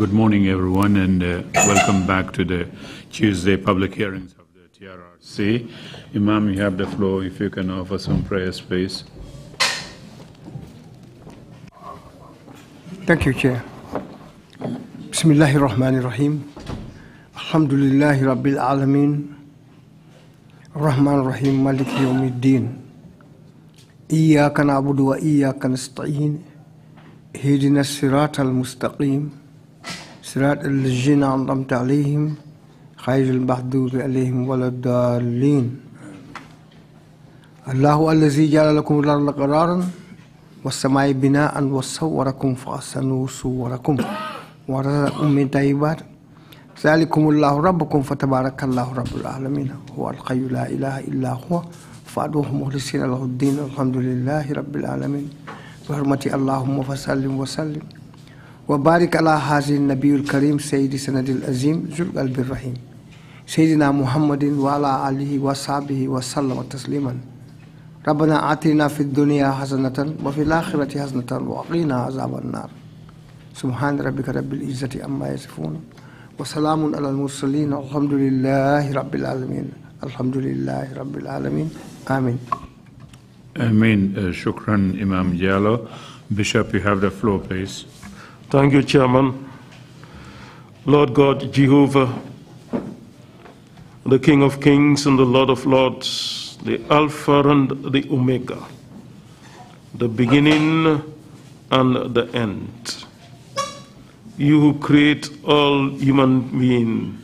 Good morning, everyone, and uh, welcome back to the Tuesday public hearings of the TRRC. Imam, you have the floor if you can offer some prayer, please. Thank you, Chair. Bismillahir Rahmanir Rahim. Alhamdulillahi Rabbil Alameen. Rahman Rahim Malik Yawmiddin. إياك نعبد وإياك نستعين. اهدنا الصراط المستقيم صراط الذين أنعمت عليهم خير المحدود عليهم ولا الضالين الله الذي جعل لكم الأرض قرارا والسماء بناء وصوركم فأحسنوا صوركم ورزقكم من طيبات ذلكم الله ربكم فتبارك الله رب العالمين هو الحي لا إله إلا هو فأدوه مخلصين له الدين الحمد لله رب العالمين بحرمة اللهم فسلم وسلم وبارك على هذا النبي الكريم سيد سند العظيم ذو القلب الرحيم سيدنا محمد وعلى آله وصحبه وسلم تسليما ربنا آتنا في الدنيا حسنة وفي الآخرة حسنة وقنا عذاب النار سبحان ربك رب العزة عما يصفون وسلام على المرسلين الحمد لله رب العالمين الحمد لله رب العالمين آمين آمين شكرا إمام جالو Bishop you have the floor please Thank you, Chairman. Lord God, Jehovah, the King of Kings and the Lord of Lords, the Alpha and the Omega, the beginning and the end. You who create all human beings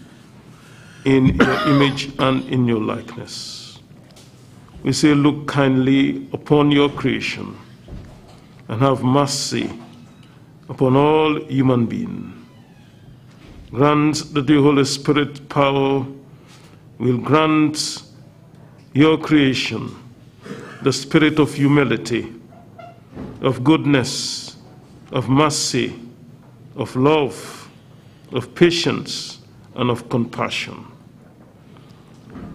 in your image and in your likeness. We say, look kindly upon your creation and have mercy upon all human beings. Grant that the Holy Spirit power will grant your creation the spirit of humility, of goodness, of mercy, of love, of patience, and of compassion.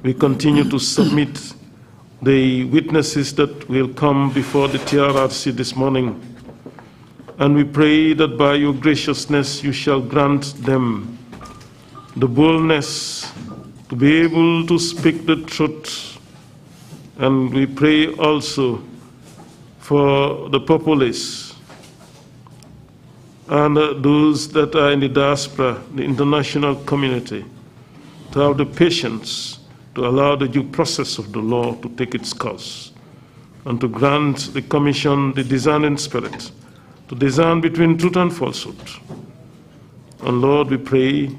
We continue to submit the witnesses that will come before the TRRC this morning and we pray that by your graciousness you shall grant them the boldness to be able to speak the truth. And we pray also for the populace and those that are in the diaspora, the international community, to have the patience to allow the due process of the law to take its course and to grant the Commission the discerning spirit to discern between truth and falsehood. And Lord, we pray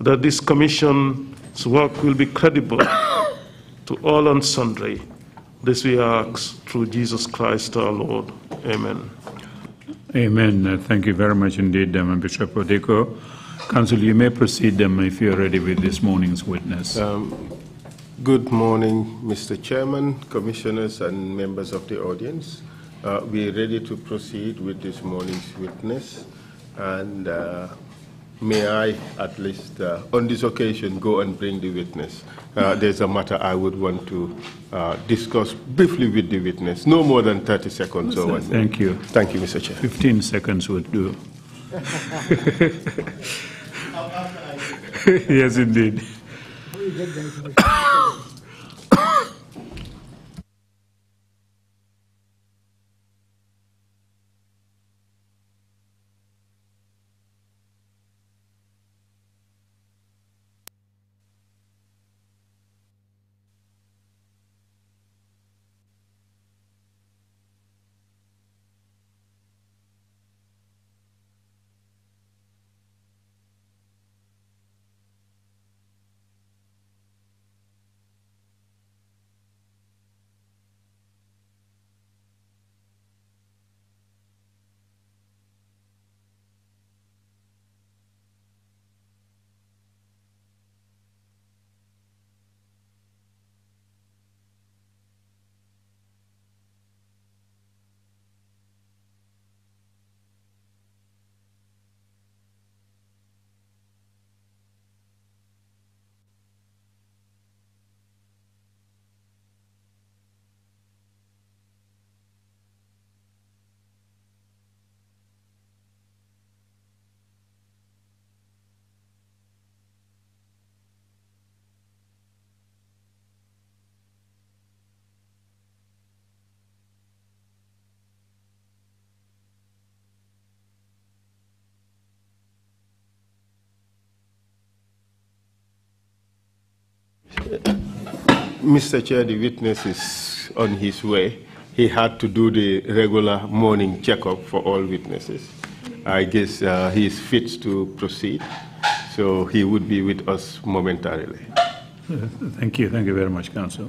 that this commission's work will be credible to all and sundry. This we ask through Jesus Christ our Lord. Amen. Amen. Uh, thank you very much indeed, um, Bishop Odeko. Council, you may proceed um, if you're ready with this morning's witness. Um, good morning, Mr. Chairman, commissioners, and members of the audience. Uh, we are ready to proceed with this morning's witness, and uh, may I, at least uh, on this occasion, go and bring the witness. Uh, there's a matter I would want to uh, discuss briefly with the witness, no more than 30 seconds or one. Thank you. Thank you, Mr. Chair. 15 seconds would do. yes, indeed. Mr. Chair, the witness is on his way. He had to do the regular morning checkup for all witnesses. I guess uh, he is fit to proceed, so he would be with us momentarily. Thank you. Thank you very much, Council.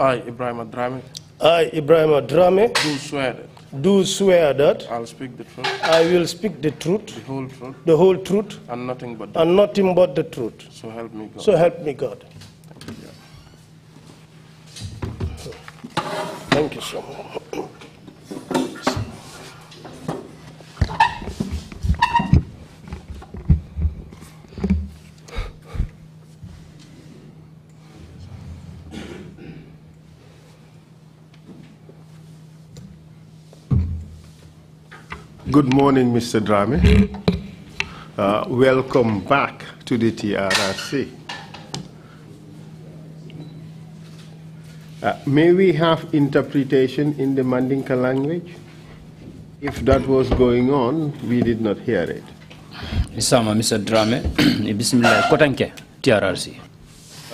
I, Ibrahim Adrame, I, Ibrahim Adrame, do swear that. Do swear that I'll speak the truth. I will speak the truth. The whole truth. The whole truth. And nothing but. The and nothing but the truth. So help me God. So help me God. Thank you so much. Good morning, Mr. Drame. Uh, welcome back to the TRRC. Uh, may we have interpretation in the Mandinka language? If that was going on, we did not hear it. Isama, Mr. Drame, eh, Bismillah, Kotanke, TRRC.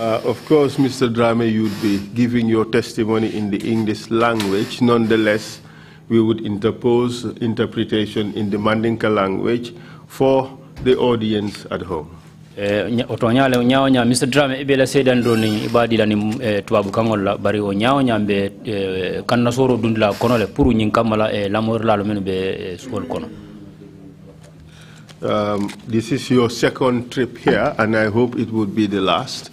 Uh, of course, Mr. Drame, you'd be giving your testimony in the English language. Nonetheless, we would interpose interpretation in the Mandinka language for the audience at home. otonyale mr sedan soro dundla kono le lamor eh, be eh, kono Um, this is your second trip here, and I hope it would be the last.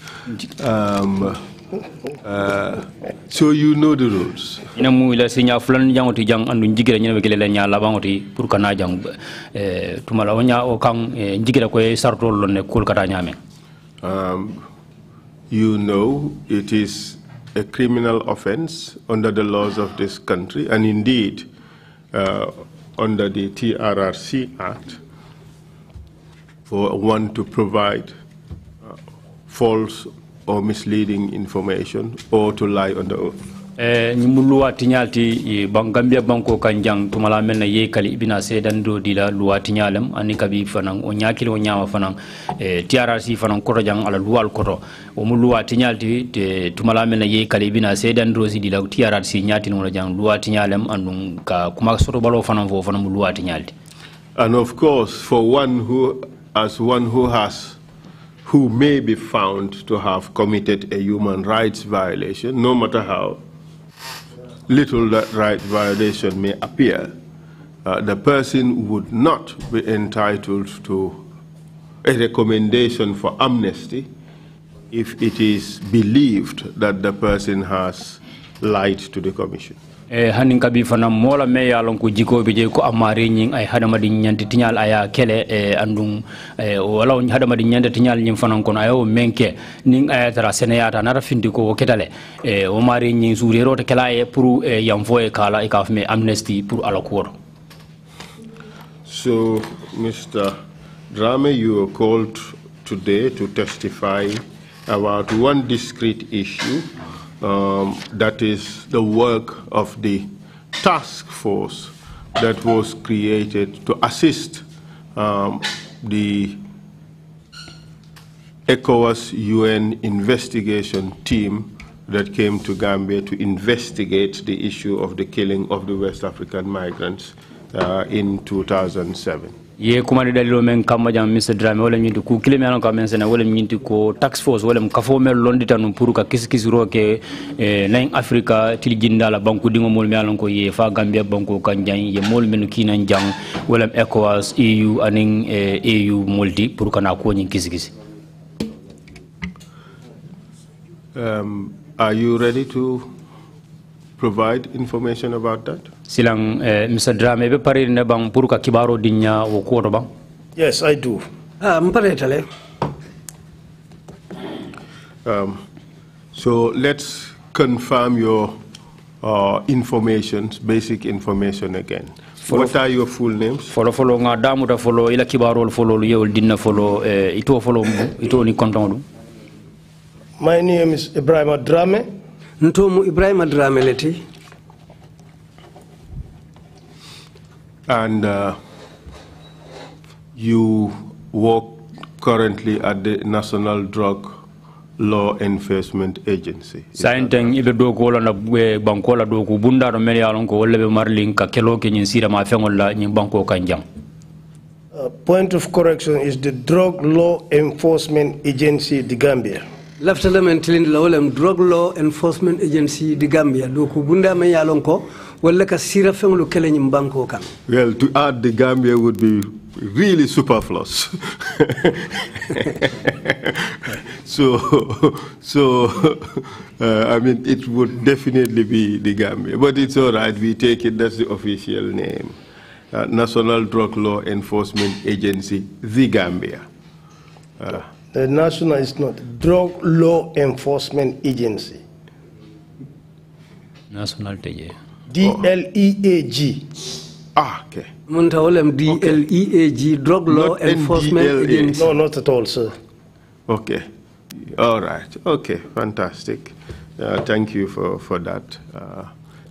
Um, uh, so you know the rules. Ina mu ila sinya fulan jang oti jang andu njigira la nyala bang oti jang eh, tumala eh, njigira sarto kul kata nyame. Um, you know it is a criminal offense under the laws of this country and indeed uh, under the TRRC Act for one to provide uh, false or misleading information or to lie on the oath. ñi eh, mu luwaati ñaalti ban gambia banko kan jang tumala na yey kali ibina seedan do dila luwaati ñaalem ani kabi fanan o ñaakili o ñaama fanan e eh, si fanan koto jang ala luwal koto o mu luwaati ñaalti tumala mel na yey kali ibina seedan do si dila trc ñaatin wala jang luwaati ñaalem andum ka kuma soto balo fanan fo fanan mu luwaati ñaalti and of course for one who as one who has who may be found to have committed a human rights violation, no matter how little that right violation may appear, uh, the person would not be entitled to a recommendation for amnesty if it is believed that the person has lied to the commission. e hanin kabi fana mola me ya lon ko jikoɓe je ko amare ñin ay di nyanti tiñal aya kele e andum e wala di nyanti tinyal ñin fanan kono ayo menke nin aya tara sene yata nara findi ko ketale e o mare ñin suure rote kala e pour e yam fo e kala e kafme amnesty pour ala so mr drame you are called today to testify about one discrete issue Um, that is the work of the task force that was created to assist um, the ECOWAS UN investigation team that came to Gambia to investigate the issue of the killing of the West African migrants uh, in 2007. ye kuma de dalilo men kamma jam mr drame wala ñinti ku kile mi alan ko amen sene wala ñinti ko tax force wala kafo mel londita tanu pour ka kis kis roke eh, e nayin africa til jindala banku dingo mol mi alanko ko ye fa gambia banko kan jang ye mol men kinan jang wala ecowas eu anin eu eh, e moldi pour kana ko ñin kis kis um, are you ready to provide information about that? Silang eh, Mr. Drame be pare ne bang puruka kibaro dinya wo ko bang? Yes, I do. Ah, mpare tale. Um, so let's confirm your uh, information, basic information again. Follow, what are your full names? Follow follow nga damu da follow ila kibaro follow yewol dinna follow eh, ito follow ito ni konton My name is Ibrahim Drame. ntomu tomo ibrahima drame and uh, you work currently at the national drug law enforcement agency sainteng ibe do ko wala be banko la do ko bunda do mel yalon ko wolle be marlin ka kelo ke nyin sira ma fengol la nyin banko kan jam uh, point of correction is the drug law enforcement agency the gambia left alone until lawol en drogue law enforcement agency the gambia ɗo ko gundama yalon ko walla ka sira feŋolu keleñim banko kan well to add the gambia would be really superfluous so so uh, i mean it would definitely be the gambia but it's all right we take it that's the official name uh, national drug law enforcement agency the gambia uh, the national is not drug law enforcement agency. National teje. DLEAG. Ah, okay. Muntaolem DLEAG, Drug not Law Enforcement NDLA. Agency. No, not at all, sir. Okay. All right. Okay. Fantastic. Uh, thank you for, for that. Uh,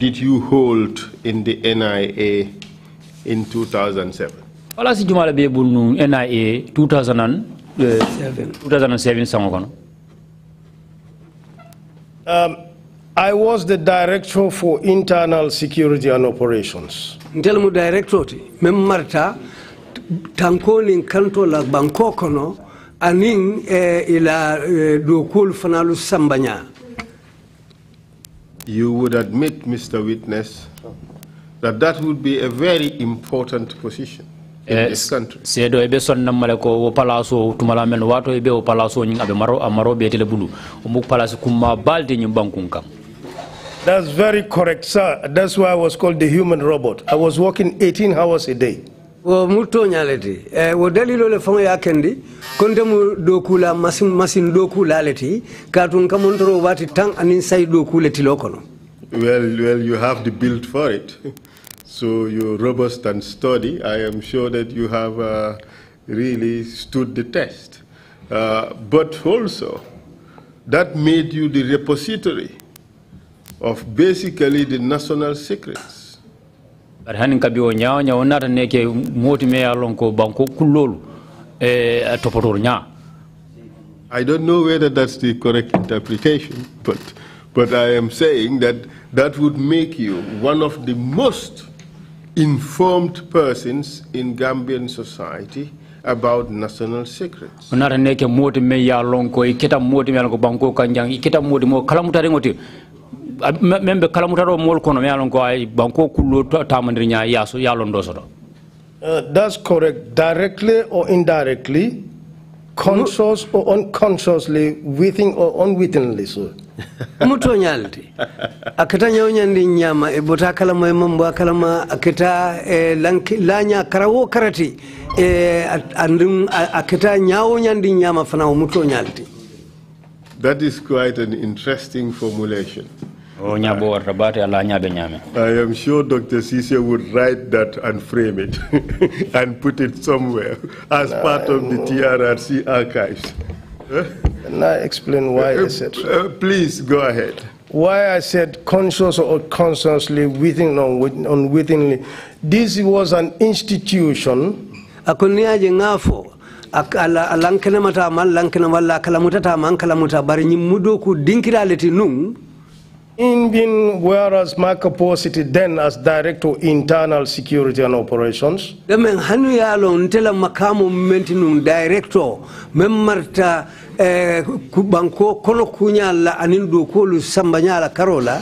did you hold in the NIA in 2007? Wala si NIA 2007 eh, Um, I was the director for internal security and operations. Ntelmu director ti mem marta tankoni kanto la banko kono anin eh, ila eh, dokul fanalu sambanya. you would admit, Mr. Witness, that that would be a very important position in eh, this country. palaso tumala men wato palaso maro amaro be tele bulu umuk palaso kuma balde That's very correct, sir. That's why I was called the human robot. I was working 18 hours a day wo e eh, wo dalilo le kendi mu masin masin well well you have the build for it so you're robust and sturdy i am sure that you have uh, really stood the test uh, but also that made you the repository of basically the national secrets bari hani kabi o ñaawa ñaawa naata neke mooti me ya lon ko banko kullolu e eh, topotor ñaa I don't know whether that's the correct interpretation, but, but I am saying that that would make you one of the most informed persons in Gambian society about national secrets. Onara neke moti me ya lonko ikita moti me ya lonko banko kanjang ikita moti mo kalamutare ngoti men ɓe kala mutata o mool kono mi ko ay banko kullo tamandir ña yaso yalon do soto uh, that's correct directly or indirectly conscious or unconsciously within or unwittingly so muto ñalde akata ñawñandi ñama e bota kalama e mambo akalama akata e lanke laña karawo karati e andin akata ñawoñandi ñama fana muto ñalde That is quite an interesting formulation. Oh, I am sure Dr. Sise would write that and frame it and put it somewhere as no, part of the mm. TRRC archives. Can eh? I explain why uh, I eh, said Uh, please go ahead. Why I said conscious or consciously, within or unwittingly. This was an institution. Akuniaje ngafo alankenemata man lankenem walla kalamutatama an kalamuta bari ñimmudo ko dinkiraleti nun Indian, whereas Marco Positi then as Director of Internal Security and Operations. Demen hanu yalo ntela makamu mmenti nun director memmarta eh, banko kolo kunyala anindu kolu sambanyala karola.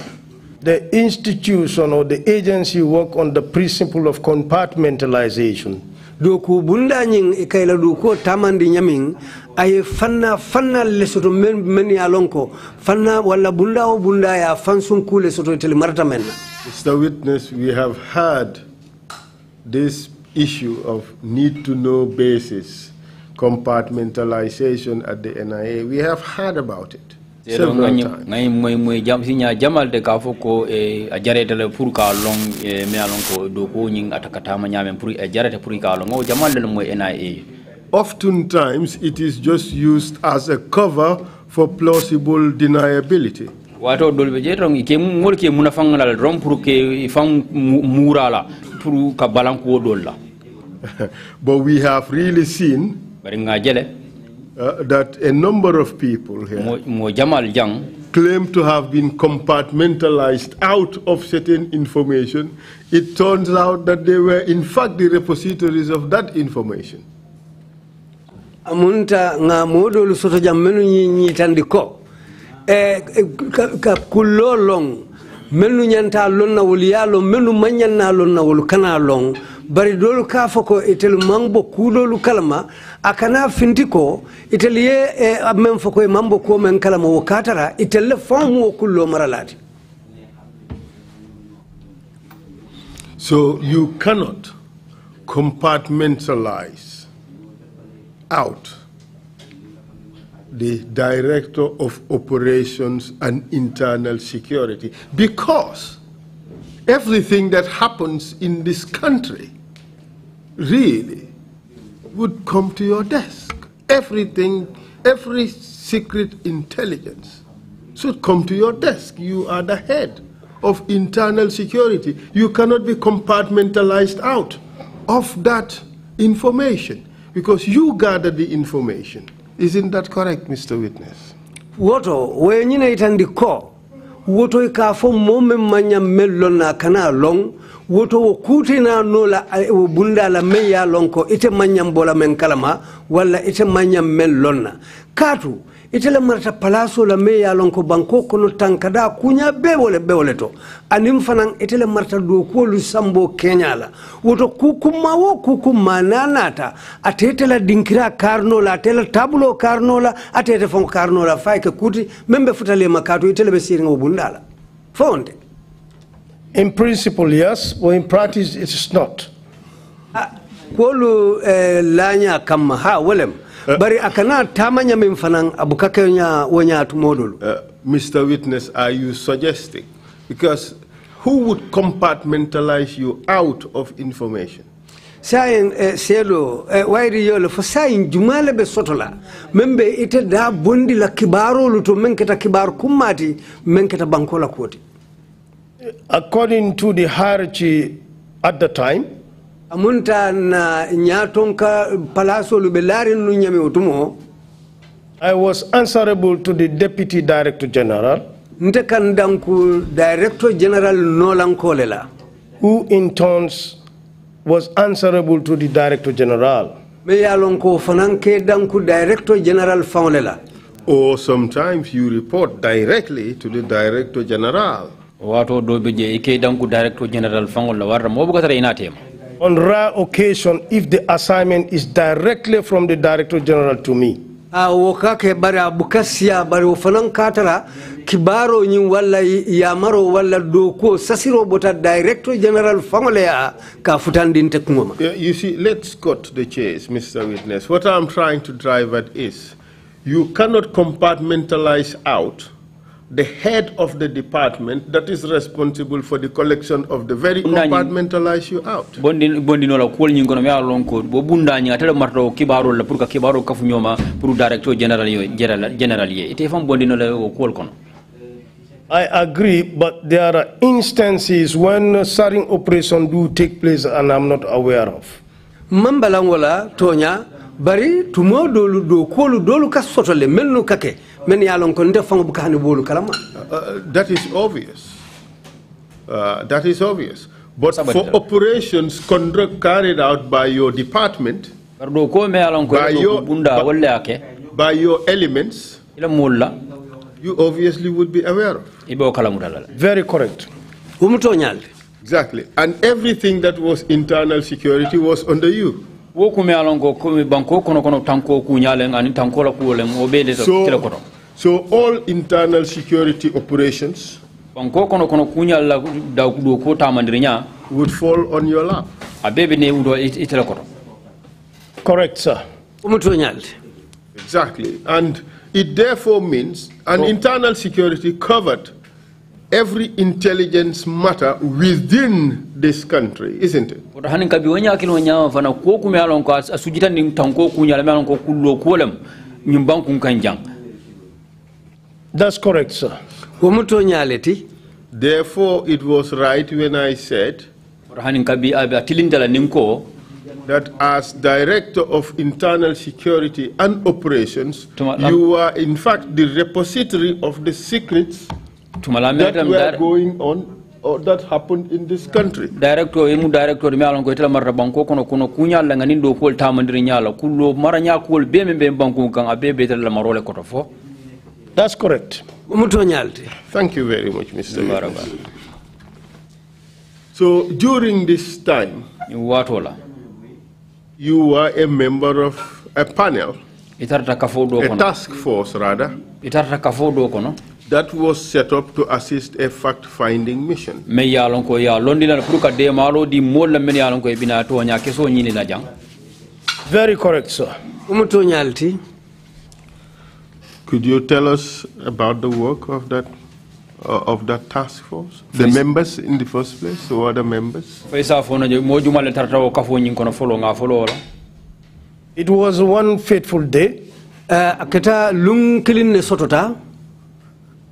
The institution or the agency work on the principle of compartmentalization. Doku bunda nying ikaila doku tamandi nyaming aye fanna fanna le soto men men ya lonko fanna wala bunda o bunda ya fansun kule soto tele marata men Mr. Witness, we have heard this issue of need to know basis, compartmentalization at the NIA. We have heard about it. ngai moy ka ko e a jarete pour ka long e me alon ko do ko nyin atakata ma nyamen pour e, jarete pour ka long o jamal le NIA oftentimes it is just used as a cover for plausible deniability. wato be jeton muna rom pour murala pour ka but we have really seen uh, that a number of people here mo jamal jang claim to have been compartmentalized out of certain information it turns out that they were in fact the repositories of that information munta nga moɗol soto jam menu ñiñitande ko e, e ka kullo long mennu ñanta lonnawol ya lon mennu na lonnawol kana lon bari dolu ka fo ko itel mambo kuulolu kalama a kana finti ko itel ye e, men fo e mambo ko men kalama wo katara itel le famu wo kullo maralati so you cannot compartmentalize out the director of operations and internal security because everything that happens in this country really would come to your desk. Everything, every secret intelligence should come to your desk. You are the head of internal security. You cannot be compartmentalized out of that information. because you gathered the information. Isn't that correct, Mr. Witness? Woto, wenyine itandiko. Woto ikafo mome manya mello na kana long. Woto wokuti na nola eh, bunda la meya lonko ite manya mbola menkalama wala ite manya mellona. Katu, itele le marata palaso la me a lon ko banko kono tankada kuña be wole be wole to anin fanan ite le marata dokuwolu sambo keña la woto kukumma wo kukumma na nata atete la dinkira karno la ate la karno la atete fon karno la fay ke kuti men be futalema kato ite le be siringa wo bunda la fonde in principle yes but in practice it is not kuwolu eh, lanya kamma ha wolem bari akana tamanyamin fanan abukakayonya wonya tumodolu uh, mr witness are you suggesting because who would compartmentalize you out of information sayin eh, selo eh, wayri yolo fo sayin jumale be sotola membe ite da bondi la kibarolu luto menketa keta kibar kummati men bankola koti according to the hierarchy at the time amunta na ñatonka ka palasolu ɓe laarin nu ñami o tumo i was answerable to the deputy director general nte kan danku director general nolankole la who in turns was answerable to the director general me ye ko fanan danku director general faŋole la or sometimes you report directly to the director general wato do be je ke danku director general faŋol la warra moo bukatara on rare occasion if the assignment is directly from the Director General to me. Ah, wokake bari abukasiya bari wofanan katara kibaro ñin walla yamaro walla doko sasiro bota director general fangole ya ka futandinte kuŋoma you see let's cut the chase mr witness what i'm trying to drive at is you cannot compartmentalize out the head of the department that is responsible for the collection of the very compartmentalize you out bondi bondi no la kol nyingo no ya lonko bo bunda nyinga tele marto kibaro la pour ka kibaro kafu nyoma pour directeur general yo general general ye ite fam bondi no la kol kono I agree, but there are instances when certain operation do take place and I'm not aware of. Mambalangwala tonya bari tumo dolu do kolu dolu kasotole melnu kake men ya lon ko nde fango bu bolu kalama uh, uh, that is obvious uh, that is obvious but Somebody for operations conduct carried out by your department by your, by your elements you obviously would be aware of very correct exactly and everything that was internal security was under you So all internal security operations would fall on your lap. Correct, sir. Exactly. And it therefore means an oh. internal security covered every intelligence matter within this country, isn't it? That's correct, sir. Therefore, it was right when I said that as Director of Internal Security and Operations, you are in fact the repository of the secrets that were going on or that happened in this country. Director, emu director me alon ko itela marra banko kono kono kunya langa nindo ko tamandiri nyala kulo mara nya bembe be membe banko kan abe be marole kotofo. That's correct. Thank you very much, Mr. Baraba. So during this time, you were a member of a panel, a task force rather, that was set up to assist a fact-finding mission. Very correct, sir. Could you tell us about the work of that uh, of that task force? The yes. members in the first place, who are the members? It was one fateful day. Uh, Akata lungkilin sotota.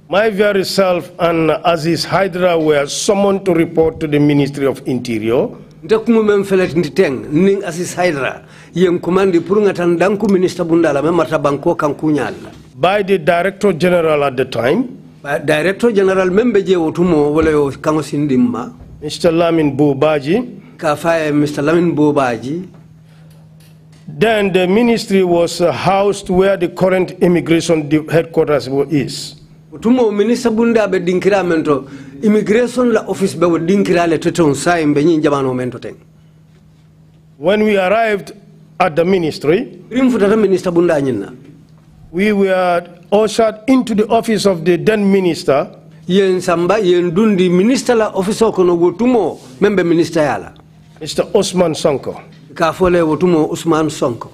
My very self and Aziz Hydra were summoned to report to the Ministry of Interior. Ndakumu memfelet nditeng ning Aziz Hydra yem kumandi purungatan danku minister bundala memata banko kankunyala. by the director general at the time. By director general membe je wotumo wala yo kango sindimma. Mr. Lamin Bobaji. Kafaye Mr. Lamin Bobaji. Then the ministry was uh, housed where the current immigration headquarters is. Wotumo minister bunda be dinkira mento immigration la office be dinkira le teton sai be nyin jamano mento ten. When we arrived at the ministry, Rimfutata minister bunda nyinna. we were ushered into the office of the then minister. Yen samba yen dundi minister la office kono wotumo minister yala. Mr. Osman Sonko. Kafole wotumo Osman Sonko.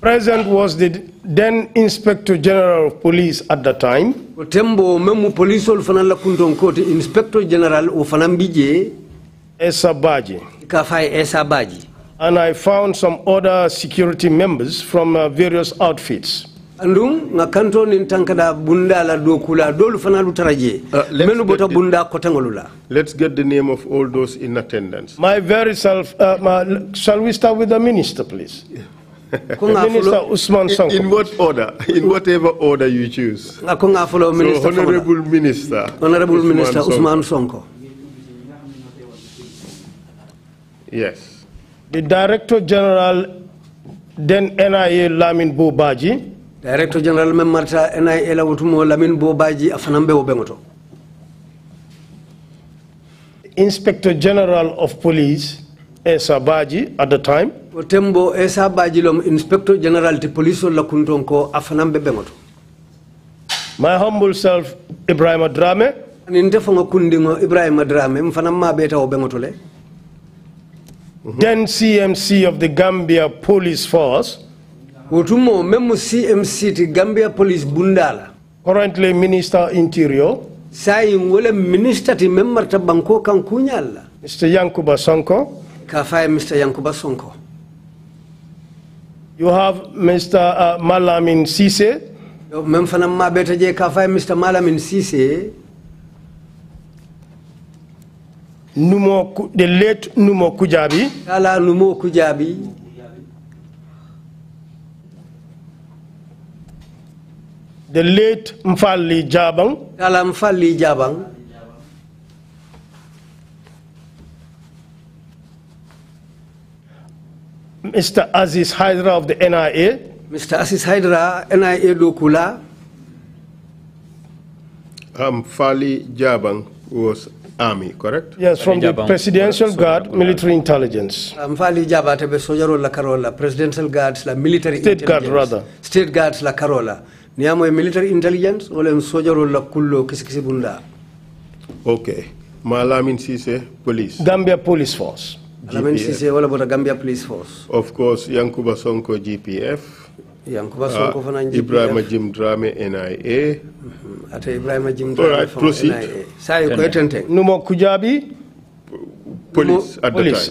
Present was the then Inspector General of Police at the time. Tembo memu police ol fanan la kunton koti Inspector General o fanan bije. Esabaji. Kafai And I found some other security members from uh, various outfits andum nga kanto nin tankada bunda la do kula dolu fana lu taraje uh, menu bota bunda ko tangolula let's get the name of all those in attendance my very self uh, my, shall we start with the minister please yeah. Minister Usman Sanko. In, in what order? In whatever order you choose. So, Honorable Minister. Honorable Usman Minister Usman Sonko. Yes. The Director General, then NIA Lamin Bobaji directeur général même marta enay e lawtumo lamin bobaji afanan ɓe o ɓeŋoto inspector general of police esa baji at the time o tembo esa baji lom inspector general de police o lakkunton ko afanan ɓe ɓeŋoto my humble self ibrahima drame nin defoŋo kundiŋo ibrahima drame m fanan ma ɓeeta o le then cmc of the gambia police force wotumo même cmc ti gambia police bundala currently minister interior sayin wala minister ti même marta banko kan kunyalla mr yankuba sonko ka faye mr yankuba sonko you have mr uh, malamin sise yo même fana mabeta je ka faye mr malamin sise numo the late numo kujabi ala numo kujabi the late Mfali Jabang. Kala Mfali Jabang. Mr. Aziz Hydra of the NIA. Mr. Aziz Hydra, NIA Lokula. Mfali Jabang was army, correct? Yes, from the Presidential Guard, Military Intelligence. Uh, Mfali Fali Jabang, Sojarola karola. Presidential Guards, la Military State Guard, rather. State Guards, la karola. ni amo military intelligence wala msojaro la kullo kisi bunda okay malamin sise police gambia police force alamin sise wala bota gambia police force of course yankuba sonko gpf yankuba sonko ah, fana gpf ibrahima jim drame nia mm-hmm. ata ibrahima jim drame fana nia proceed sai ko etente numo kujabi police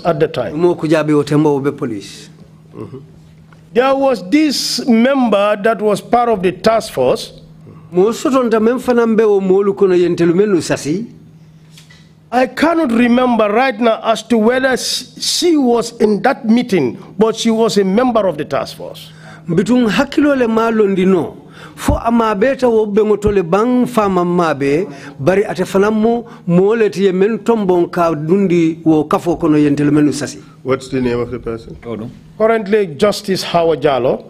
at the time numo kujabi otembo be police mm -hmm. There was this member that was part of the task force. I cannot remember right now as to whether she was in that meeting, but she was a member of the task force. le fo amaɓe taw woɓɓe go tole ban famammaɓe bari ate fanammo moletiye men tombon ka dundi wo kafo kono yentele men sasi what's the name of the person oh, currently justice hawa dialo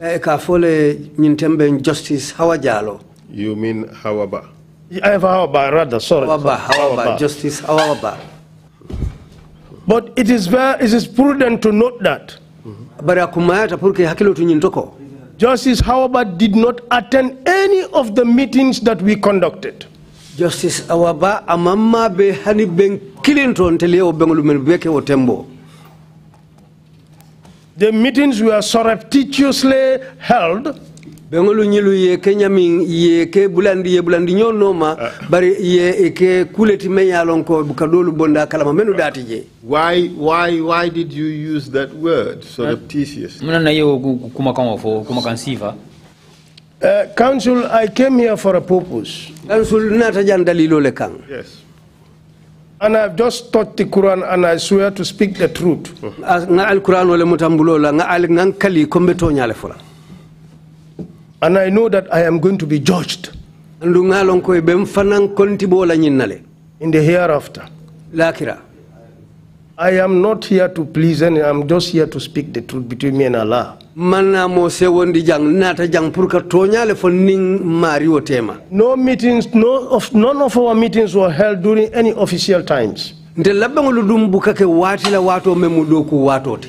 eyi eh, ka fole ñin temɓen justice hawa dialo you mean hawa ba hawaba eh, hawa ba rather sorry hawa ba, hawaba Ba. justice hawa ba but it is very it is prudent to note that mm -hmm. bari akummayata pour que hakkilo to ñin to ko Justice Hawaba did not attend any of the meetings that we conducted. Justice Awaba amamma be hani ben Clinton tele o bengolu men beke o tembo. The meetings were surreptitiously held beŋolu ñilu ye ke ñamiŋ ye ke bulandi ye bulandi ñoo nooma eh. bari ye ke kuleti meŋ ye lon ko ka doolu bonda kalama menu eh. daati je why why why did you use that word surreptitious eh. muna na yewo kumakan wo fo kumakan siifa Uh, council, I came here for a purpose. Council, natajan dalilo le kang. Yes. And I've just taught the Quran and I swear to speak the truth. Nga al Quran wale mutambulo la nga al ngangkali kombeto nyale fula and I know that I am going to be judged. koy bem fanan konti In the hereafter. Lakira. I am not here to please and I'm just here to speak the truth between me and Allah. mo se wondi jang nata jang pour ka toñale fo ning mari wotema. No meetings no of none of our meetings were held during any official times. Nde dum bukake wato ku watote.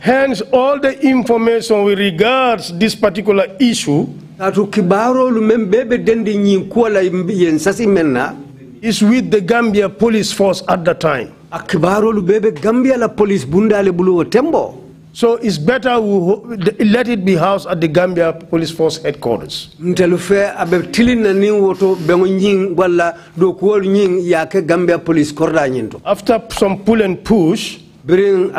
Hence, all the information with regards this particular issue atu dendi nyin kuola yen sasi is with the Gambia police force at the time. A kibarolu Gambia la police bundale buluo tembo. So it's better we let it be housed at the Gambia Police Force headquarters. Mtelufe abetili na ni woto bengo nying wala dokuolu yake Gambia Police Korda nyinto. After some pull and push, He finally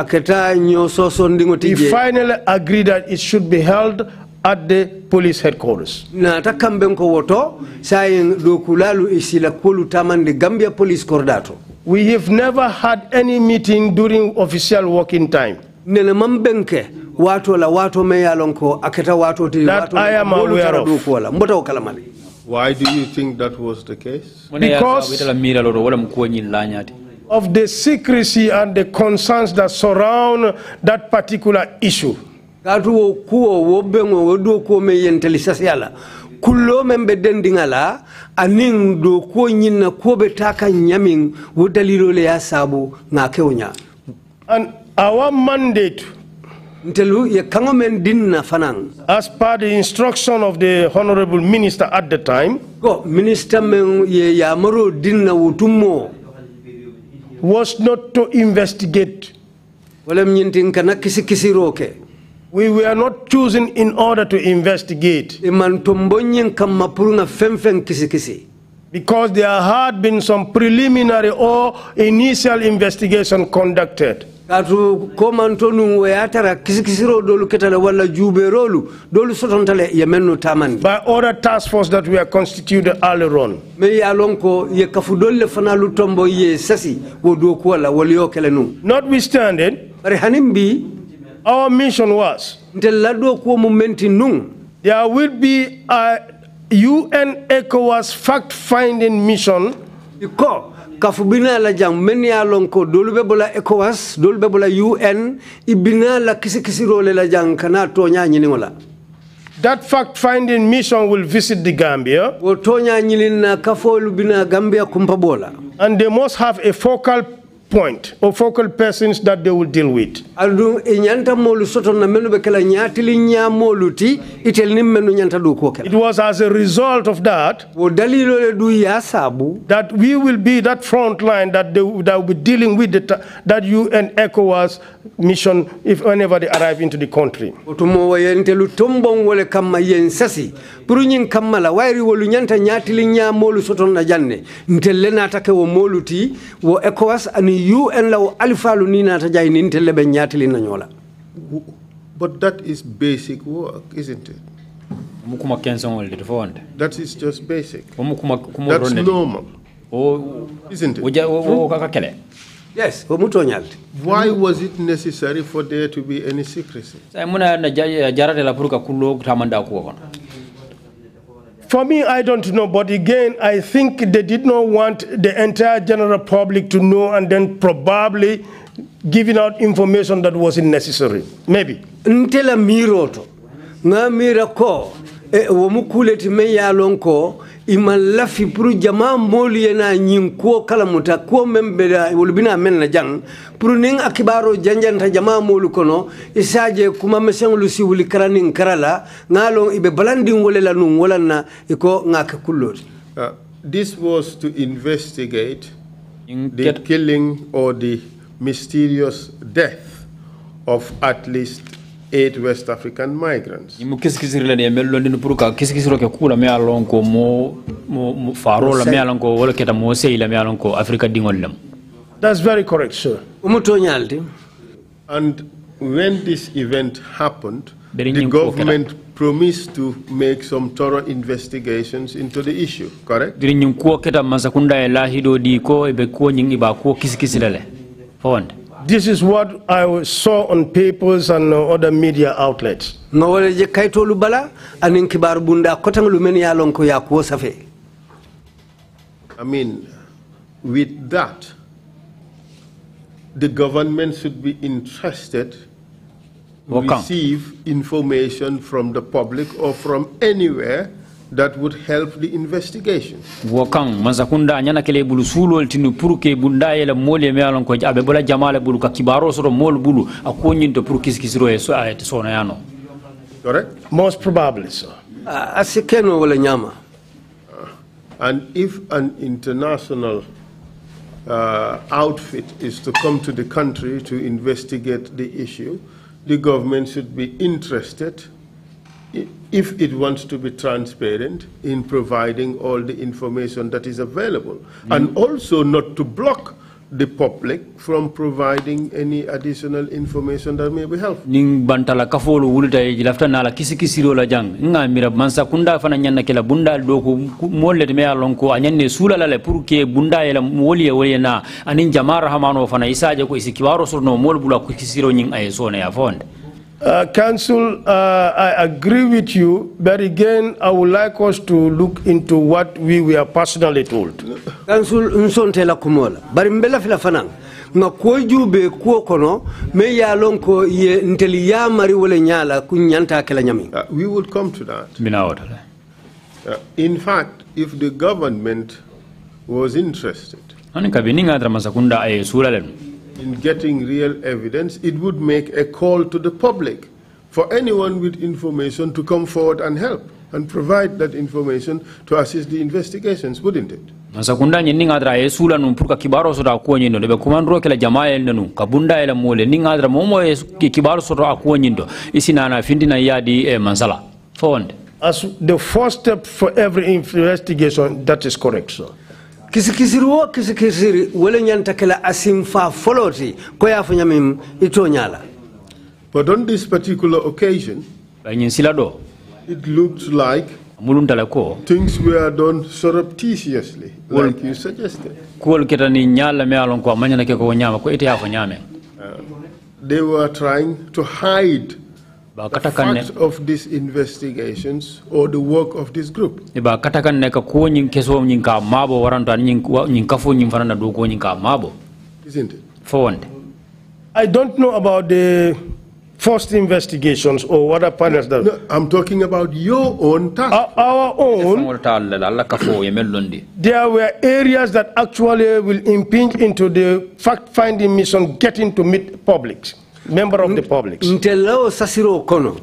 agreed that it should be held at the police headquarters. Nata kamben ko woto sayen dokulalu isila kulu tamande Gambia police kordato. We have never had any meeting during official working time. Nene mambenke wato la wato meyalonko aketa wato ti wato. That I am aware of. Why do you think that was the case? Because of the secrecy and the concerns that surround that particular issue. Katuo kuo wobengo wodo ko me yenteli sasiala Kulo men be dendingala aning do ko nyinna ko be taka nyamin wo dalilo le ya sabu ngake onya and our mandate ntelu ye kango men dinna fanang as per the instruction of the honorable minister at the time go minister men ye yamaro dinna wutummo was not to investigate. We were not chosen in order to investigate. Because there had been some preliminary or initial investigation conducted katu koman to num woyatara kisikisiroɗolu ketale walla juuɓerolu ɗolu sotontale ye men no tamande by order task force that we are constituted earlier on mais ya lon ko ye kafuɗolle fana lu tombo ye sasi wo dow kuwala wala yo kele notwithstanding bare hanin our mission was ntel laɗɗo kuwo menti num there will be a un ecowas fact finding mission iko kafu bina la jam men ya lon ko dolu be bula ecowas dolu be bula un ibina la kisi kisi role la jang kana to nya nyini wala That fact-finding mission will visit the Gambia. wo to Wotonya nyilina kafo lubina Gambia kumpa bola And they must have a focal point or focal persons that they will deal with. molu na menu nyatili menu nyanta du It was as a result of that that we will be that front line that they that will be dealing with the, that UN was. mission if whenever they arrive into the country. Utumo wayente lu tombon wole lutombong yen sasi pour Purunyin kama la wayri wolu nyanta li nya molu soton na janne. Ntele na ke wo molu ti wo ECOWAS ani UN la wo alifalu nina jay ni ntele be nyatili na nyola. But that is basic work, isn't it? Mukuma kenson wale tufonde. That is just basic. Mukuma kumorone. That's normal. oh isn't it? wo o, o, kakakele. Yes, Why was it necessary for there to be any secrecy? Eh, for me, I don't know, but again, I think they did not want the entire general public to know and then probably giving out information that wasn't necessary. Maybe. Ntela miroto. Nga mirako. E, eh, womukuleti meyalonko imalafi lafi pour jama moolu yena na kuo kuwo kalamu ta kuwo be wolu bina meŋ na jang pour niŋ akibaro janjanta jama moolu kono isaje se a je kuma si wuli kara niŋ ngalo la ŋa loŋ i be la nun wo na i ko ŋa uh, this was to investigate the killing or the mysterious death of at least eight West African migrants. Mu kisikisirila ne melo ndin pour ka kisikisiro ke kula me alon ko mo mo faro la me alon ko wala keta mo sey la me alon ko Africa dingol lam. That's very correct, sir. Umuto nyaldi. And when this event happened, the government promised to make some thorough investigations into the issue, correct? Dirin nyum ko keta masakunda e lahido di ko e be ko nyingi ba ko kisikisirele. Fond. This is what I saw on papers and other media outlets. no kibar bunda I mean with that the government should be interested to receive information from the public or from anywhere that would help the investigation wo kan mansakunda a ñana kele bulu suulol tindi pour que bunda yela moolu ye me alon ko aɓe bola jamale bulu ka kibaro soro moolu bulu a koñinto pour kisikisiro e ayete ah, yano. correct most probably so a si keno wala ñama ah, and if an international uh, outfit is to come to the country to investigate the issue the government should be interested if it wants to be transparent in providing all the information that is available, mm. -hmm. and also not to block the public from providing any additional information that may be helpful. Ning bantala kafolo wulita e jilafta nala kisi kisi la jang. Nga mira mansa kunda fana nyanna kela bunda doku mwole tmea alon ko anyanne sula la pour ke bunda yela ya wole na anin jamara hamano fana isaje ko isikiwaro surno mwole bula ko kisiro nyin ay sona ya fonde. Uh, Council, uh, I agree with you, but again, I would like us to look into what we were personally told. Council, unsonte la kumola. Bari mbela fila fanang. Nga kuo jube kuo kono, me ya lonko ye nteli ya mari wale nyala kunyanta akela nyami. Uh, we will come to that. Mina otale. Uh, in fact, if the government was interested. Ani kabini nga adramasakunda aye sura lenu in getting real evidence, it would make a call to the public for anyone with information to come forward and help and provide that information to assist the investigations, wouldn't it? kunda ninga nyinni Yesu la nu purka kibaro sota akuwa nyindo lebe kumandro kila jamaa elna nu kabunda ela mole ninga ngadra momo Yesu kibaro sota akuwa nyindo isi na na findi na yadi eh, mansala fond as the first step for every investigation that is correct sir kisikisiriwo kisikisiri wole ñanta kela asim fa foloti ko ya fo ñamim ito ñala but on this particular occasion ñin sila ɗo it looked like muluntala ko things were done surreptitiously like you suggested kuwol ketani ñalla me alon ko mañana ke ko ñama ko ite ya fo ñame uh, they were trying to hide The facts of these investigations or the work of this group. Isn't it? I don't know about the first investigations or what panels that. No, I'm talking about your own task. Our, our own. there were areas that actually will impinge into the fact-finding mission getting to meet publics. member of the public ntelo sasiro kono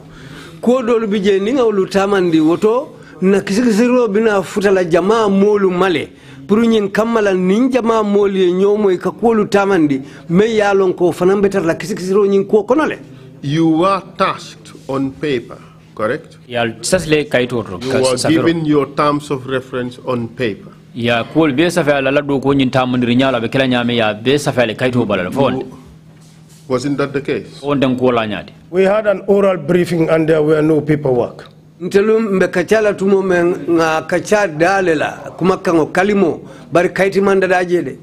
ko do bi bije ni ngawlu tamandi woto na kisigisiro bina futala jamaa molu male pour ñin kammala nin jamaa molu ye ñomoy ka kuolu tamandi me yalon ko fanan betar la kisikisiro ñin ko kono le you were tasked on paper correct yal sasle kayto to you were given your terms of reference on paper ya kuol be safa la do ko ñin tamandi nyala be kala nyame ya be safale kayto balala fon Wasn't that the case? Oh, We had an oral briefing and there were no paperwork. ntelum mbe kacala tumo nga kaca dale kuma kango kalimo bari kayti manda daje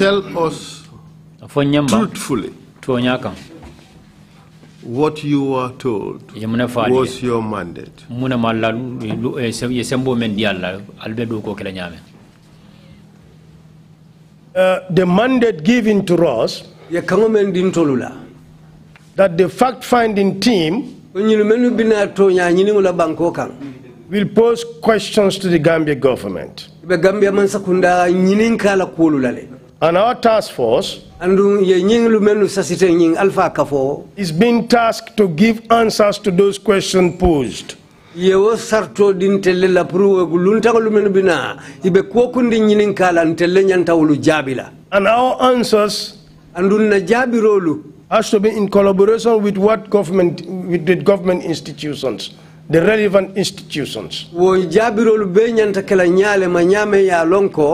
tell us truthfully what you were told was your mandate muna eh, yesembo men albe ko nyame uh, the mandate given to us that the fact-finding team will pose questions to the Gambia government. And our task force is being tasked to give answers to those questions posed. and our answers andun na jaabirolu has to be in collaboration with what government with the government institutions the relevant institutions wo jaabirolu be ñanta kala ñaale ma ñaame ya lonko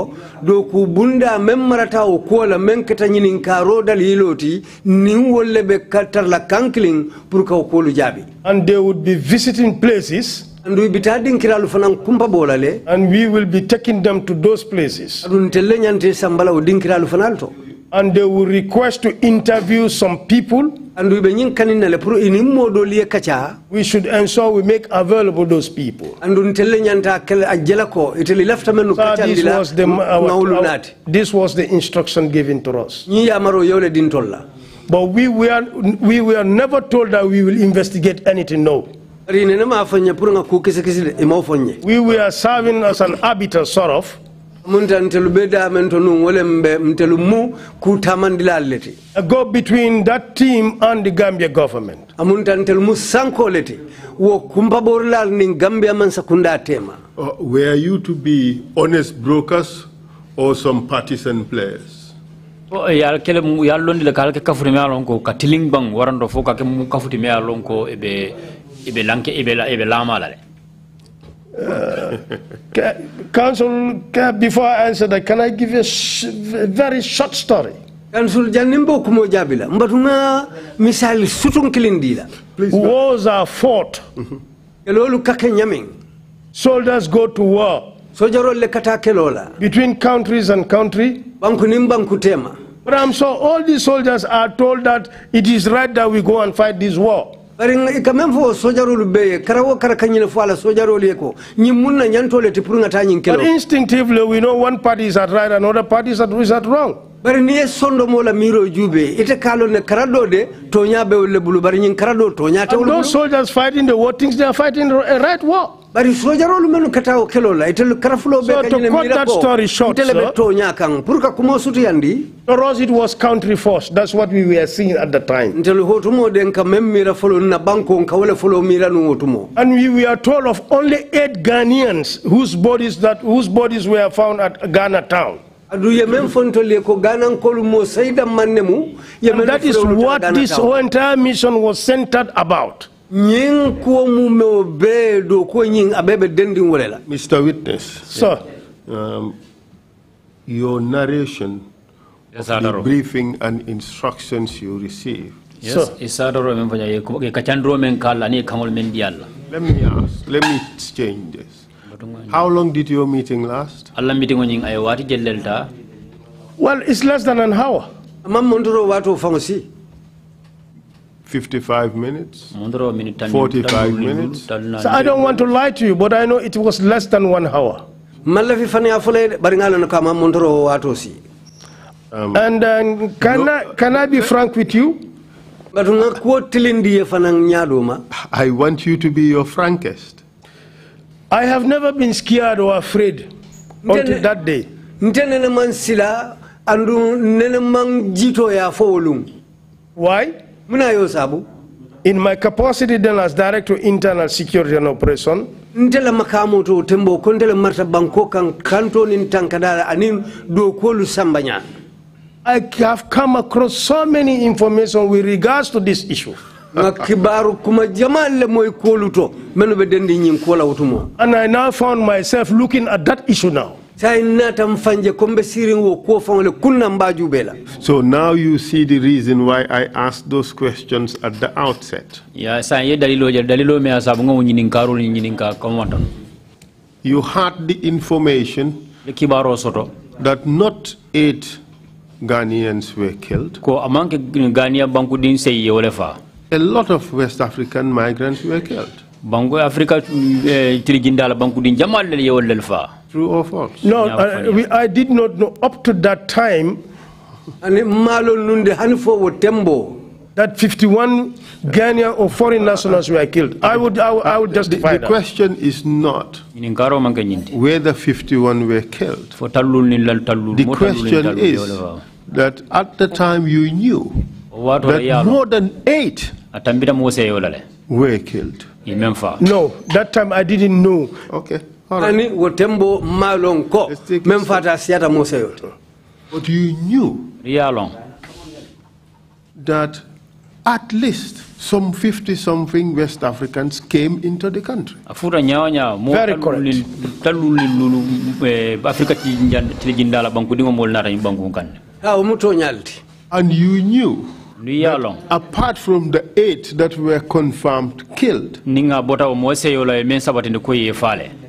do ku bunda men marata o kuola men kata ñinin karo nin wolle be katarla kankilin pour ka kuolu and they would be visiting places and we will be taking them to those places and they will request to interview some people. Andu be nyin kanin le pro ini modo liye kacha. We should ensure we make available those people. Andu ntelle nyanta kele ajela ko itele left men no this was the this was the instruction given to us. Nyi amaro yole din tolla. But we were we were never told that we will investigate anything no. We were serving as an arbiter sort of. muntan telu beda men to nun wolem be mtelu mu ku tamandilal leti go between that team and the Gambia government amuntan telu mu sanko leti wo kumpa nin Gambia man sakunda tema uh, were you to be honest brokers or some partisan players oh, ya kele mu yal londi le kal ke kafuti me alon ko katiling bang warando fo ka ke mu kafuti me alon ko ebe ebe lanke ebe la ebe lama la le Uh, Council, before I answer that, can I give you a, very short story? Council, Janimbo but Jabila, Mbatuna Missile Sutun Kilindila. Wars are fought. Elolu Kakenyaming. Soldiers go to war. Sojaro Lekata Kelola. Between countries and country. Bankunimba Nkutema. But I'm sure all these soldiers are told that it is right that we go and fight this war bari kamem fo sojarolu beye kara wo kara kanyina fo ala sojarolu yeko nyi munna nyantole ti purunga ta nyin kelo but instinctively we know one party is at right and other party is at, is at wrong bari ni sondo mola miro jube ite kalo ne karado de to nya be le bulu bari nyin karado to nya te those soldiers fighting the war things they are fighting a right war bari sojarolu menu katao kelola itelu karafulo so be to cut that story short sir, to nyakang pour ka kumo sutiyandi Soros it was country force that's what we were seeing at the time ntelu hotumo den ka mira folo na banko nka wala folo mira no hotumo and we were told of only eight Ghanaians whose bodies that whose bodies were found at Ghana town adu ye men fontole ko ganan kolu mo sayda mannemu ye that is what this whole entire mission was centered about nying ko mu me be do ko ñing abebe dendin wala la mr witness sir um, your narration yes, of the briefing and instructions you received yes sir. isadoro men fanya ye ko ka chandro men kala ni kamol men di alla let me ask let me change this how long did your meeting last Allah meeting ñing ay wati jellelta well it's less than an hour mam mondoro wato fangosi 55 minutes, 45 minutes. So I don't want to lie to you, but I know it was less than one hour. Um, and uh, can, I, can I be frank with you? I want you to be your frankest. I have never been scared or afraid until that day. Why? in my capacity then as director internal security and operation ntela to tembo ko ntela marta banko kan tankadala anin do kolu sambanya i have come across so many information with regards to this issue kuma jamal le moy dendi nyin kola wutumo and i now found myself looking at that issue now say natam fanje kombe sirin wo ko fonle kunna mbaju bela so now you see the reason why i asked those questions at the outset ya sa ye ya dalilo je dalilo me asabu ngo nyinin karul nyinin ka komonton you had the information le kibaro soto that not eight Ghanians were killed. Ko amanke Ghania banku din sei wala fa. A lot of West African migrants were killed. Bangu Africa eh, tirigindala banku din jamal le wala fa. True or false? No, uh, we, I did not know up to that time. that 51 Ghanaian or foreign nationals were killed. I would, I would, I would justify the, the, question is not whether 51 were killed. The question is that at the time you knew that more than eight were killed. No, that time I didn't know. Okay. ani wo tembo maalon ko même fata siyata mo seyo but you knew yalon that at least some 50 something west africans came into the country afura nyawa nyawa mo lulu eh, africa ti ti jindala banku dingo mol nata banku kan ha muto nyalti and you knew That apart from the eight that were confirmed killed,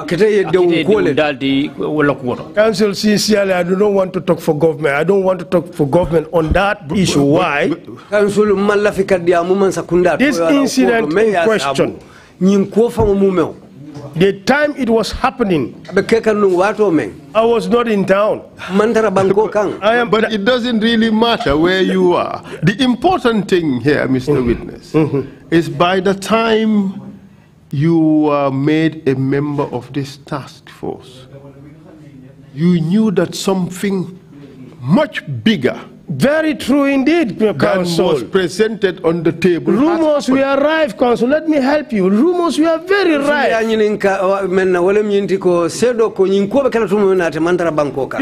Ah, ah, Council sincerely, I do not want to talk for government. I don't want to talk for government on that issue. Why? This incident in question, the time it was happening, I was not in town. I am, but it doesn't really matter where you are. The important thing here, mister mm -hmm. Witness, mm -hmm. is by the time you were made a member of this task force. You knew that something much bigger very true indeed, was presented on the table. Rumors were rife, Council. Let me help you. Rumors were very rife. You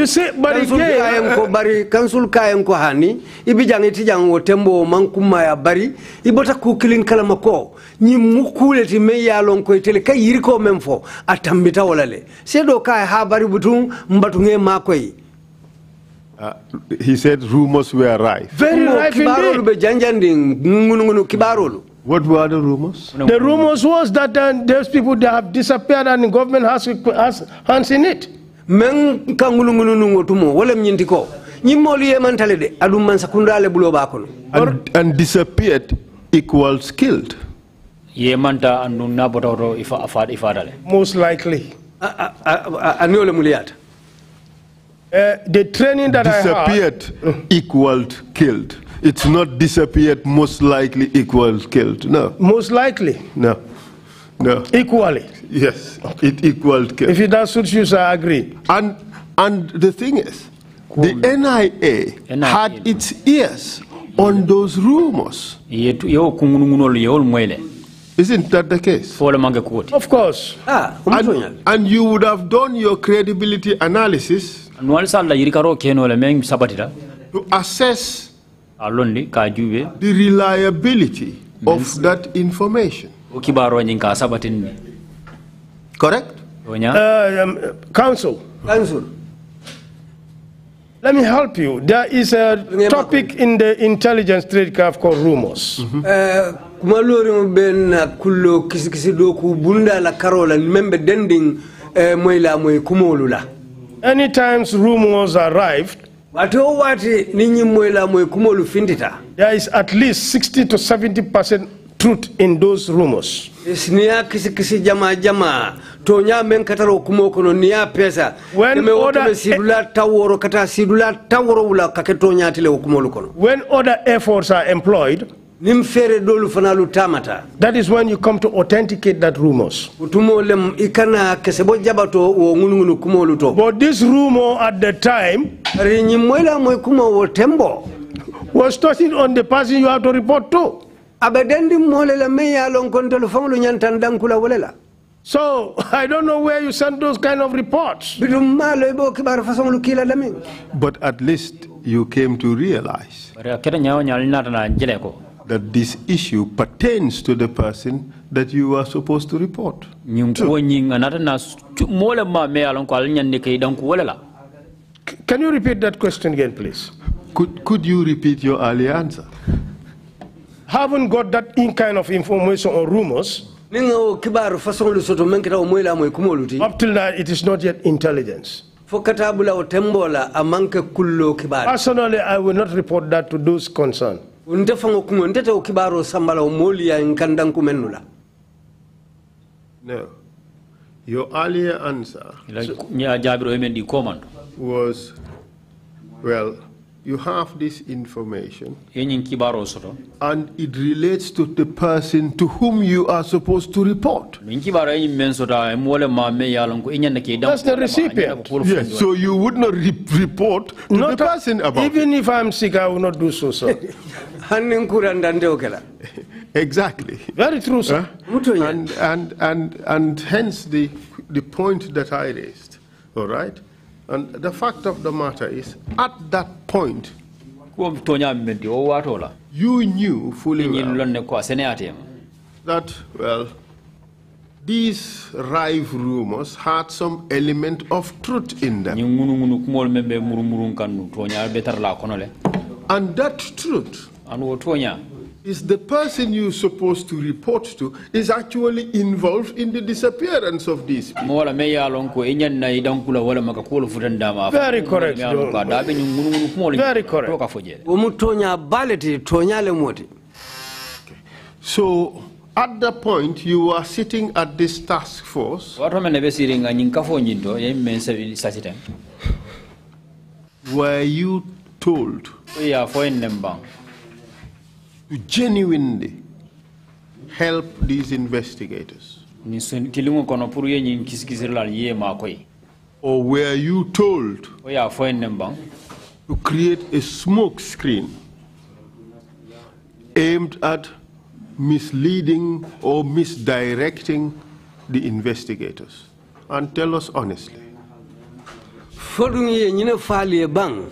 see, but again... Uh, bari Council kayem ko hani, ibijang itijang bari, ibota ñiŋ mukkule ti meŋ ye a loŋ koyi tele ka yiriko meŋ fo a tambita wo la le seedo ka a ye haabari butuŋ mbatuŋe maa koyi Uh, he said rumors were rife. Very rife indeed. What were the rumors? The rumors was that uh, those people that have disappeared and the government has, has hands in it. Men kangulu ngulu nungo tumo, wale mnyintiko. Nyimoli ye mantalede, adum mansakundale bulo bakono. And, and disappeared equals killed. yemanta nunna botoro ifa afad ifadale most likely anole muliat uh, the training that disappeared I had, equaled killed. It's not disappeared most likely equaled, killed. No. Most likely. No. No. Equally. Yes. Okay. It equaled killed. If it does suit you, sir, I agree. And and the thing is, cool. the NIA, NIA, had its ears on those rumors. Isn't that the case? Of course. Ah, and, and you would have done your credibility analysis to assess the reliability mm-hmm. of that information. Correct? Uh, um, council. Council. Let me help you. There is a topic in the intelligence trade craft called rumors. Mm -hmm. uh, kuma lorimo ɓen hakkullo kisikisi do ku bunda la karola men ɓe dendin e eh, moye laamoye kumolula any times rumors arrived wato wati ninyi moye laamoye kumolu findita there is at least 60 to 70 percent truth in those rumors. is Niya kisi kisi jama jama to nya men kataro kumoko no niya pesa. When Eme order sidula e- taworo kata sidula taworo wala kake to nya tile kono. When other efforts are employed, nimfere dolu fana lu tamata that is when you come to authenticate that rumors utumolem ikana kesebo jabato wo ngulungulu kumolu to but this rumor at the time rinyi moyla moy kuma wo tembo was touching on the person you have to report to abedendi molela me ya lon kontolu fanglu nyantan dankula wolela So I don't know where you send those kind of reports. But at least you came to realize. Uh, that this issue pertains to the person that you are supposed to report. Can you repeat that question again, please? Could, could you repeat your earlier answer? Haven't got that in kind of information or rumors. Up till now, it is not yet intelligence. Personally, I will not report that to those concerned. nte faŋo kuŋo ntete wo kibaaroo samba la wo moolu ye n kandanku men nu la Now, your was, well, you have this information and it relates to the person to whom you are supposed to report. That's the recipient. Yes, so you would not re report to not the person about Even it. if I'm sick, I will not do so, sir. exactly. Very true, sir. Huh? And, and, and, and hence the, the point that I raised, all right? And the fact of the matter is, at that point, you knew fully well that, well, these rife rumors had some element of truth in them. And that truth is the person you're supposed to report to is actually involved in the disappearance of these people. Very correct. Very correct. Okay. So at the point you are sitting at this task force were you told to genuinely help these investigators? Or were you told to create a smoke screen aimed at misleading or misdirecting the investigators? And tell us honestly. Fodunye nyine falie bang,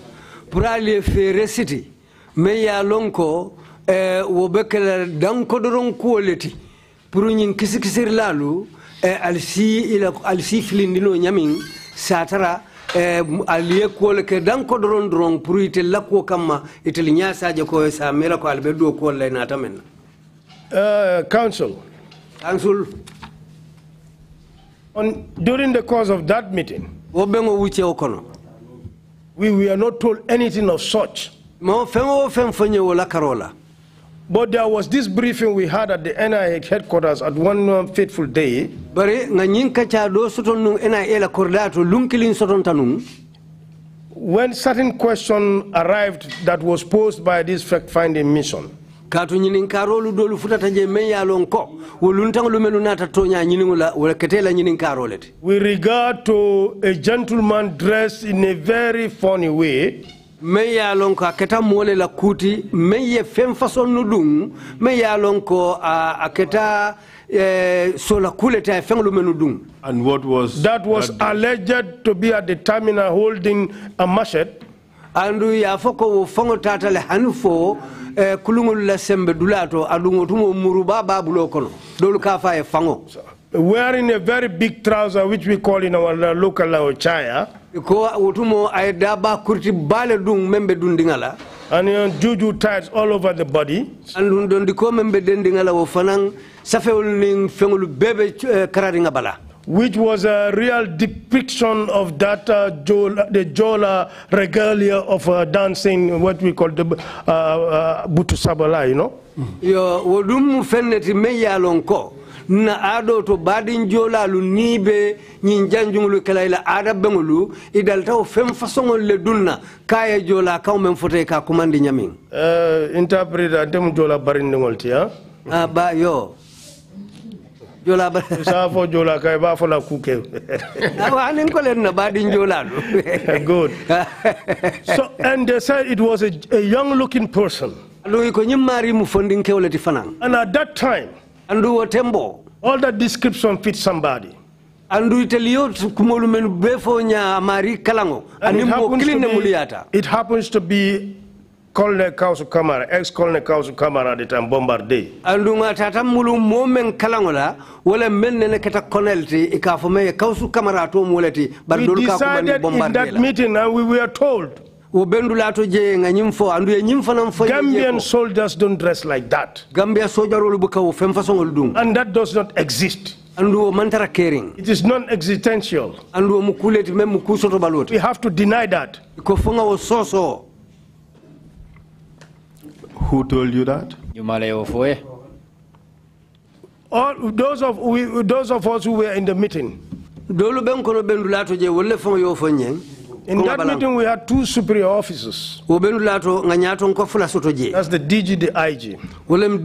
pralie fere city, meya lonko e wo bekela dankodoron kuwoleti pour ñin kisikisirlalu e eh, alsi ila alsi filindino ñamin satara e eh, aliye kuwole ke dankodoron doron pour itel lakkuwo kamma itel ñasaje ko sa mira ko alɓe ɗo kuwol lay nata men uh, council council On, during the course of that meeting, wo wuce o kono we we are not told anything of such. mo la karola But there was this briefing we had at the NIH headquarters at one fateful day. Bare nga nyinka cha do soton nung NIA la kordato lunkilin soton tanung. When certain question arrived that was posed by this fact-finding mission. Katu nyinin karolu dolu futata je meya lonko wuluntang lumelu nata tonya nyinin la wala nyinin karolet. We regard to a gentleman dressed in a very funny way meŋ ye a loŋ ko a keta moo la kuuti meŋ ye feŋ fasonnu duŋ meŋ ye a loŋ ko a keta e, sola kule te a ye feŋolu mennu duŋ And what was that was that alleged to be at the terminal holding a machete andu ye a fo ko wo faŋo taata le hani fo eh, kuluŋolu la sembe dulaa to aduŋo tumo muru baa buloo kono doolu ka fa ye faŋo wearing a very big trouser which we call in our local lao chaya ko wutumo ay daba kurti bale dum membe dundingala and you juju ties all over the body and don di ko membe dendingala wo fanan safewul ni fengul bebe eh, karari ngabala which was a real depiction of that uh, Jola, the Jola regalia of uh, dancing, what we call the uh, uh, you know? Yo, wodum fenneti meyalonko. na aɗo to baɗin jolalu niɓe ñin janjugolu kelayla aada beŋolu i dalta o fen façoŋol le dunna ka ye jola kaw men fotoy ka kumandi ñamin uh, eh, interprète antemu jola barindiŋol ti a ah? ah, ba yo jola ba sa fo jola kay ba fo la kuke awa anen ko len na ba din jola do good so and they said it was a, a young looking person lo ko nyimmari mu fondin kewlati fanan and at that time andu tembo all that description fits somebody andu iteliot kumolu men befo nya mari kalango animbo kilinne muliyata it happens to be Colonel Kausu Kamara, ex-Colonel Kausu Kamara at the time bombardé. Andunga tata mulu momen kalangola, wala menne ne keta colonel ti Kausu Kamara ato mweleti. We decided in that meeting and we were told Gambian soldiers don't dress like that. Gambia sojarolu buka wo fem façon And that does not exist. Andu mantara caring. It is non-existential. Andu mukuleti mem mukusoto balot. We have to deny that. Ko fonga wo soso. Who told you that? Jumale wo foe. All those of we, those of us who were in the meeting. Dolu ben kono ben dulato je wolle fonga yo fonyen. in that meeting we had two superior officers nga soto that's the dg the ig wolem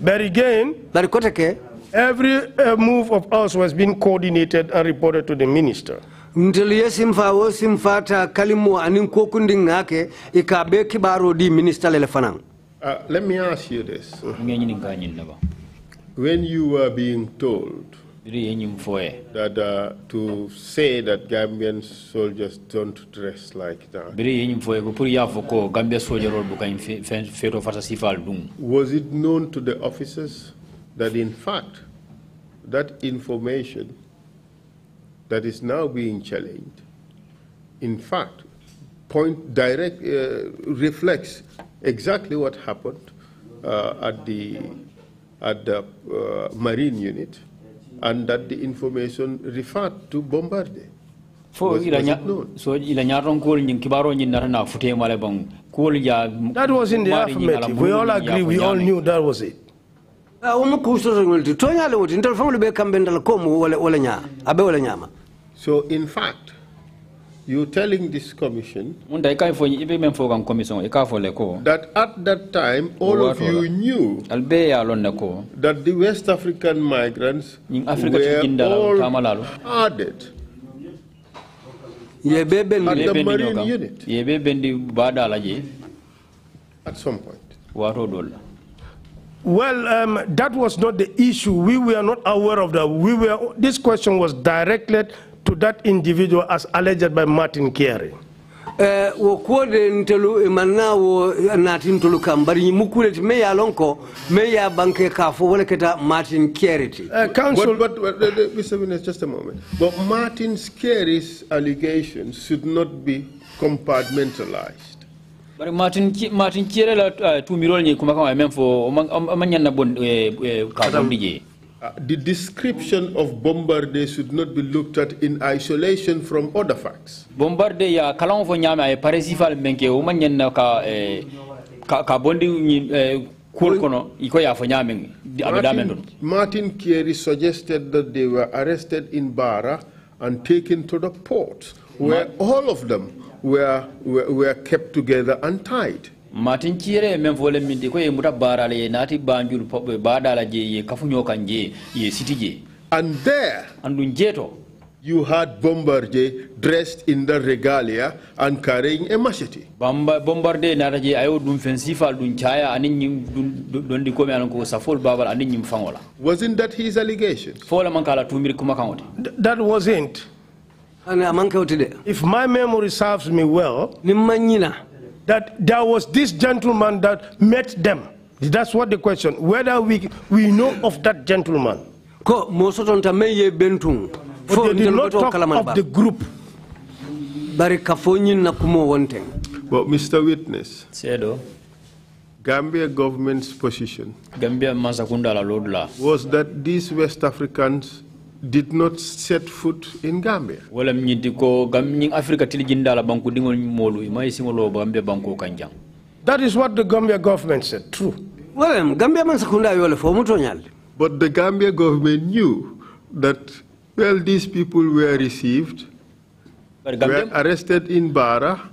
but again bari ke every uh, move of us was being coordinated and reported to the minister ntelu ye simfata anin ikabe kibaro di minister lele fanan uh, let me ask you this when you were being told that uh, to say that Gambian soldiers don't dress like that. Was it known to the officers that in fact that information that is now being challenged, in fact, point direct uh, reflects exactly what happened uh, at the at the uh, marine unit and that the information referred to Bombardier. Fo ila so ila nyin kibaro nyin narana fute male bang kol ya That was in the affirmative. We all agree we all knew that was it. Uh, be wala wala nya abe wala nyama. So in fact you telling this commission that at that time all of you knew that the West African migrants were all added at the Marine unit at some point. Well, um, that was not the issue. We were not aware of that. We were, this question was directed to that individual as alleged by Martin Kieri? Eh, wo kuwode ntelu eh, manna wo eh, naati ntolu kam bari mukkuleti ti meya lon meya banke ya banque ka fo wala keta martin keriti uh, council but, but, but uh, mr minister just a moment but martin scary's allegations should not be compartmentalized bari martin martin kere la uh, tumirol ni kuma kama mem fo o man nyanna bon ka bon dije Uh, the description of Bombardier should not be looked at in isolation from other facts. Bombardier ya kalon fo nyama e eh, paresival menke o eh, ka ka, bondi eh, kul iko ya fo nyamen abedamen Martin Kieri suggested that they were arrested in Bara and taken to the port where all of them were, were, were kept together and tied. matin kire men vole min di ko e muta barale e nati banjul pobbe badala je ye kafu nyoka nje ye sitije and there andun jeto you had Bombardier dressed in the regalia and carrying a machete. bomba bombarde nata je ayo dum fensifa dun chaya anin nyim don di komi anko safol babal anin nyim fangola. Wasn't that his allegation? Fola man kala tumiri kuma kangote. That wasn't. Ana man kawte de. If my memory serves me well, nimanyina that there was this gentleman that met them. That's what the question. Whether we, we know of that gentleman. But they did not talk of the group. But Mr. Witness. Sedo. Gambia government's position Gambia was that these West Africans did not set foot in Gambia. Wala mnyiti ko gamnying Afrika tilijindala banku dingol molu ima isingolo Gambia banku kanjang. That is what the Gambia government said, true. Well, Gambia man sakunda yole fomuto nyali. But the Gambia government knew that, well, these people were received, were arrested in Bara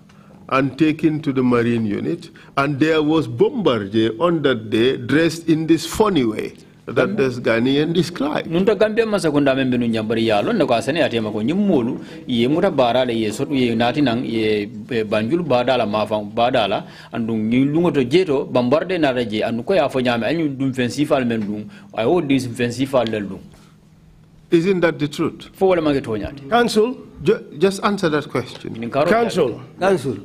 and taken to the Marine unit, and there was Bombardier on that day dressed in this funny way. that this Ghanaian described. Nunto gambia masakunda membe nunyambari yalo na kwa sene atema kwenye mulu ye muta bara le ye sotu ye nati nang ye banjulu badala mafang badala andu ngilungo to jeto bambarde na reje andu ko ya nyame anyu dum fensifal men dum ay o dis fensifal le dum. Isn't that the truth? Fo wala mangetonya. Council, ju just answer that question. Council. Council.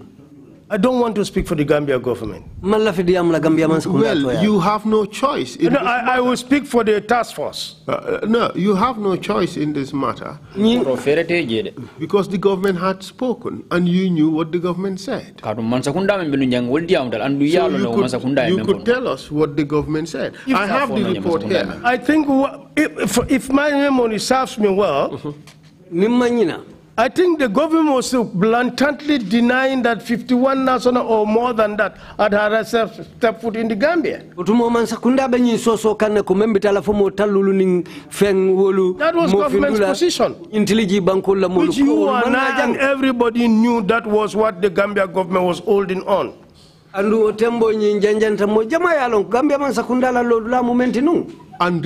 I don't want to speak for the Gambia government. Well, you have no choice. no, I, I, will speak for the task force. Uh, uh, no, you have no choice in this matter. because the government had spoken and you knew what the government said. So you could, you could tell us what the government said. If I have the report here. I think if, if my memory serves me well, I think the government was blatantly denying that 51 national or more than that had had stepped foot in the Gambia. That was government's position. Which you and I and everybody knew that was what the Gambia government was holding on. And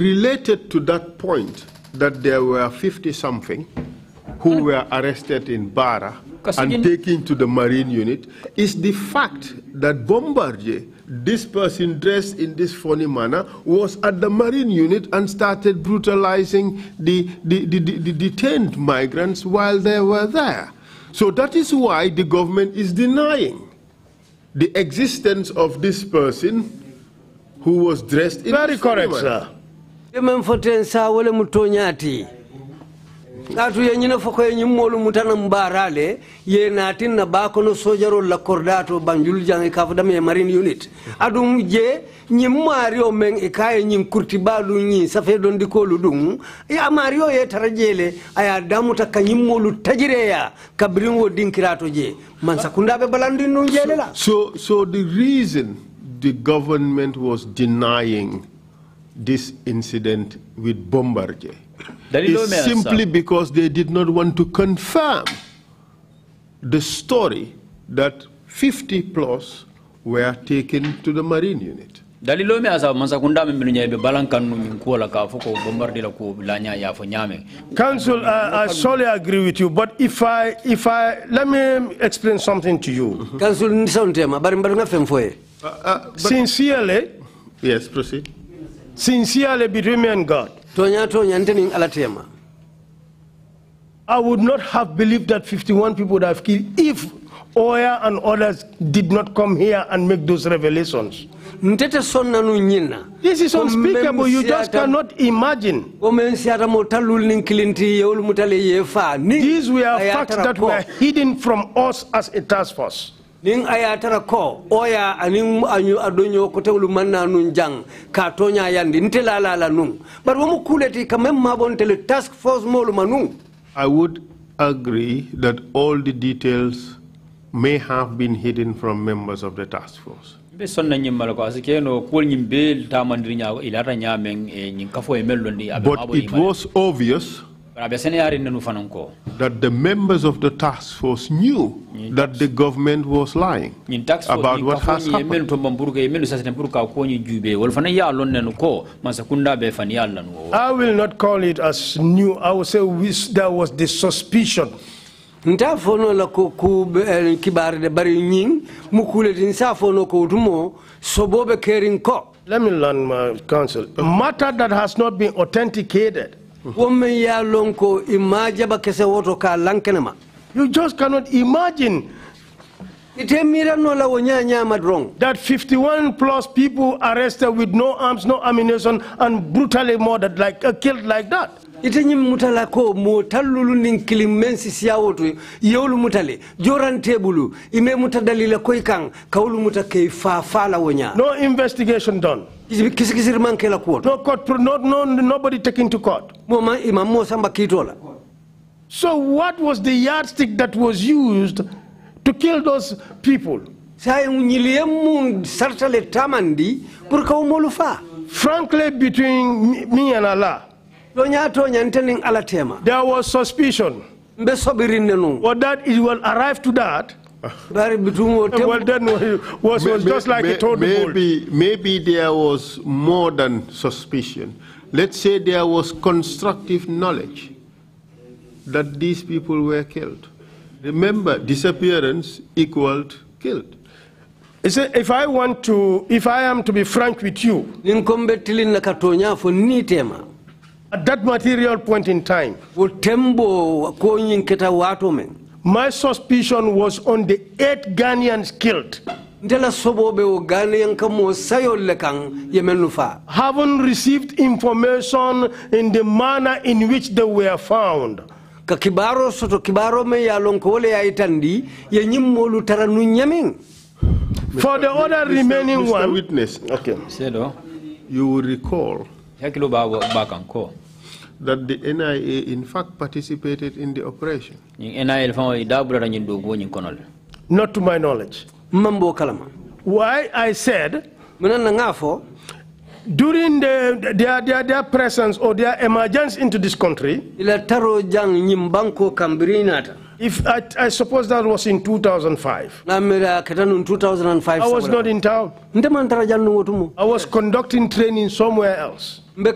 related to that point, that there were 50 something who were arrested in Bara and taken to the Marine unit is the fact that Bombardier, this person dressed in this funny manner, was at the Marine unit and started brutalizing the, the, the, the detained migrants while they were there. So that is why the government is denying the existence of this person who was dressed in Very correct, manner. sir. atu yeñine fo ko yeñi molu mutana mbarale ye natin na bako no sojarol la kordato banjul jangi kaf dam e marine unit adum je ñi mario men e kaye ñi kurti balu ñi safe don di kolu ya mario ye tarajele aya damuta kanyim molu tajireya kabrin wo dinkirato je man sakunda be balandin dum jele la so so the reason the government was denying this incident with bombardier is simply because they did not want to confirm the story that 50 plus were taken to the Marine unit. dalilo me asa mansakunda me minu nyabe balankan min ko la ka bombardi la ko ya fo council i solely agree with you but if i if i let me explain something to you council ni son tema bari mbar nga fem foye sincerely yes proceed sincerely between me and god I would not have believed that 51 people would have killed if Oya and others did not come here and make those revelations. This is unspeakable. You just cannot imagine. These were facts that were hidden from us as a task force ko oya yandi task force i would agree that all the details may have been hidden from members of the task force be sonna ko e eh, kafo e mellondi but it was obvious that the members of the task force knew that the government was lying about what has happened. I will not call it as new. I will say which there was the suspicion. la eh, let me learn my counsel a matter that has not been authenticated women ya lonko imajaba kese woto ka lankenema you just cannot imagine that 51 plus people arrested with no arms, no ammunition, and brutally murdered, like uh, killed like that. itenyi mutala ko mo tallulu nin kilimensi siyawoto yewlu mutali. jorantebulu ime mutadalila kwe kan kawlu muta kay fa la wonya no investigation done kisikisiriman kela kuota no court pro no, nobody taking to court so what was the yardstick that was used to kill those people say nyilie mu sartale tamandi pour ka molu fa frankly between me and allah you tonya tonya ntenin ala tema there was suspicion but sobirinne nu or that it will arrive to that well, then was, was just like he told maybe, maybe there was more than suspicion. Let's say there was constructive knowledge that these people were killed. Remember, disappearance equaled killed. Say, if I want to, if I am to be frank with you, at that material point in time, my suspicion was on the eight Ghanaians killed. Haven't received information in the manner in which they were found. soto kibaro me nyamin for the other remaining Mr. one witness okay sedo you will recall ba that the NIA in fact participated in the operation? Not to my knowledge. Why I said during the, their, their, their presence or their emergence into this country, if I, I suppose that was in 2005, I was not in town. I was conducting training somewhere else. mbe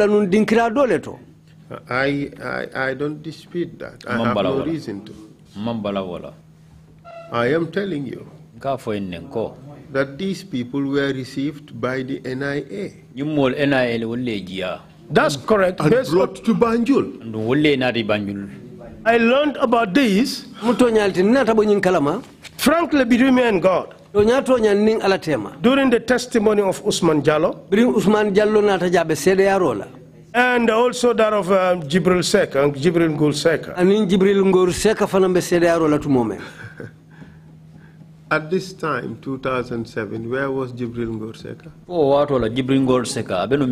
la nun dinkira dole to I, I, I don't dispute that. I have no reason to. Mambala wala. I am telling you that these people were received by the NIA. That's correct. And Based brought on, to Banjul. I learned about this. frankly between me and God. During the testimony of Usman Jallo, and also that of um, Jibril Seka and um, Jibril Ngul Seka. Anin Jibril Ngul Seka fanambe sedeyaro la tumome. At this time, 2007, where was Jibril Ngul Seka? Oh, what Jibril Ngul Seka? Abenu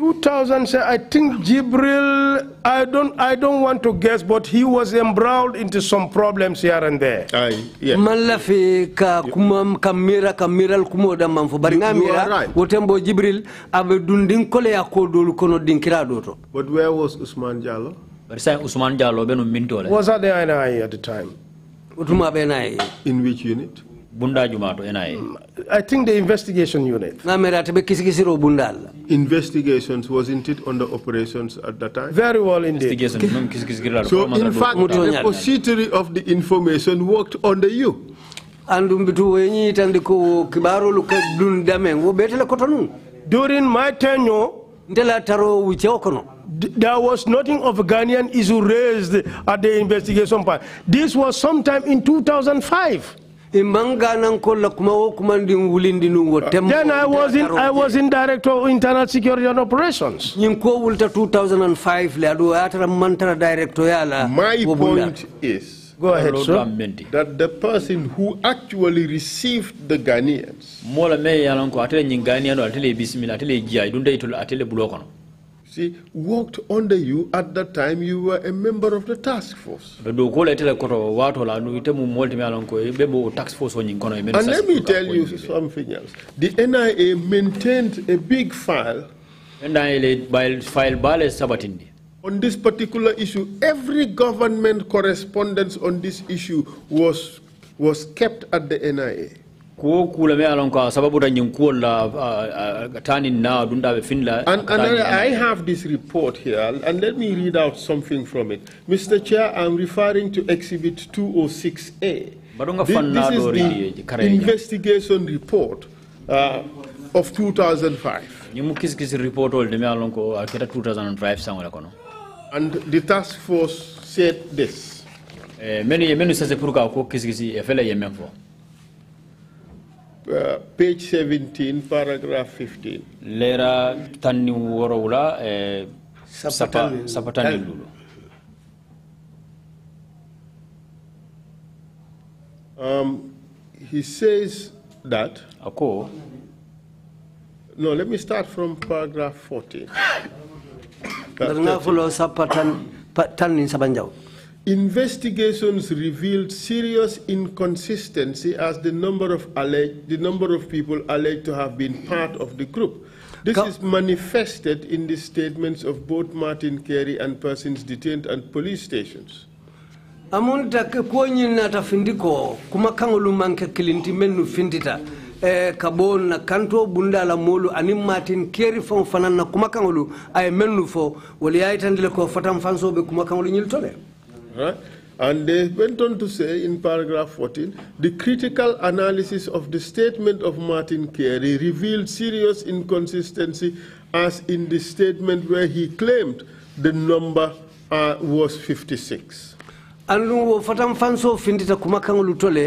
2000, I think Jibril, I don't, I don't want to guess, but he was embroiled into some problems here and there. Aye, yeah. Malafi ka kumam kamira kamira kumo da manfo baringa right? wotembo Jibril abe dundin kole ya kodol kono dinkira doto. But where was Usman Jallo? Barisa Usman Jallo beno minto Was that there at the time? Utuma benaye. In which unit? bunda jumato NIA? Hmm, I think the investigation unit. Investigations wasn't it under operations at that time? Very well indeed. so in fact, the repository of the information worked under you. During my tenure, there was nothing of Ghanaian issue raised at the investigation part. This was sometime in 2005. Then I was in I was in director of internal security and operations. 2005 le adu atara mantara director yala. My point is Go ahead, sir. That the person who actually received the Ghanaians. Mola me yalanko atele nyingani ando atele bismillah atele atele bulokono. See, worked under you at that time you were a member of the task force. And let me tell you something else. The NIA maintained a big file on this particular issue. Every government correspondence on this issue was was kept at the NIA. ko kula me alon ka sababu tan nyin kuwol la uh, uh, tanin na dunda be finla and, and I, have this report here and let me read out something from it Mr. Chair I'm referring to exhibit 206A this, do ri kare investigation report uh, of 2005 kis kis report ol de me alon ko aketa 2005 sangola kono and the task force said this eh, menu ye menu sase pour ka ko kis e fele ye fo Uh, page 17 paragraph 15 lera tanni worowla eh, sapatani lulo um, he says that ako no let me start from paragraph 14 darnga fulo sapatan tanni sabanjau. Investigations revealed serious inconsistency as the number of alleged, the number of people alleged to have been part of the group. This Co is manifested in the statements of both Martin Carey and persons detained at police stations. amunta ke kuonyin nata findiko kuma kaŋolu maŋ ke kilinti mennu findita eh, kabo na kanto bunda la molu ani matin keri faŋo fanaŋ na kuma kaŋolu a ye mennu fo wolu ye a yitandi le ko fatan kuma kaŋolu le Right? And they went on to say in paragraph 14, the critical analysis of the statement of Martin Carey revealed serious inconsistency as in the statement where he claimed the number uh, was 56. alungo fatam fanso findita kumakaŋolu to le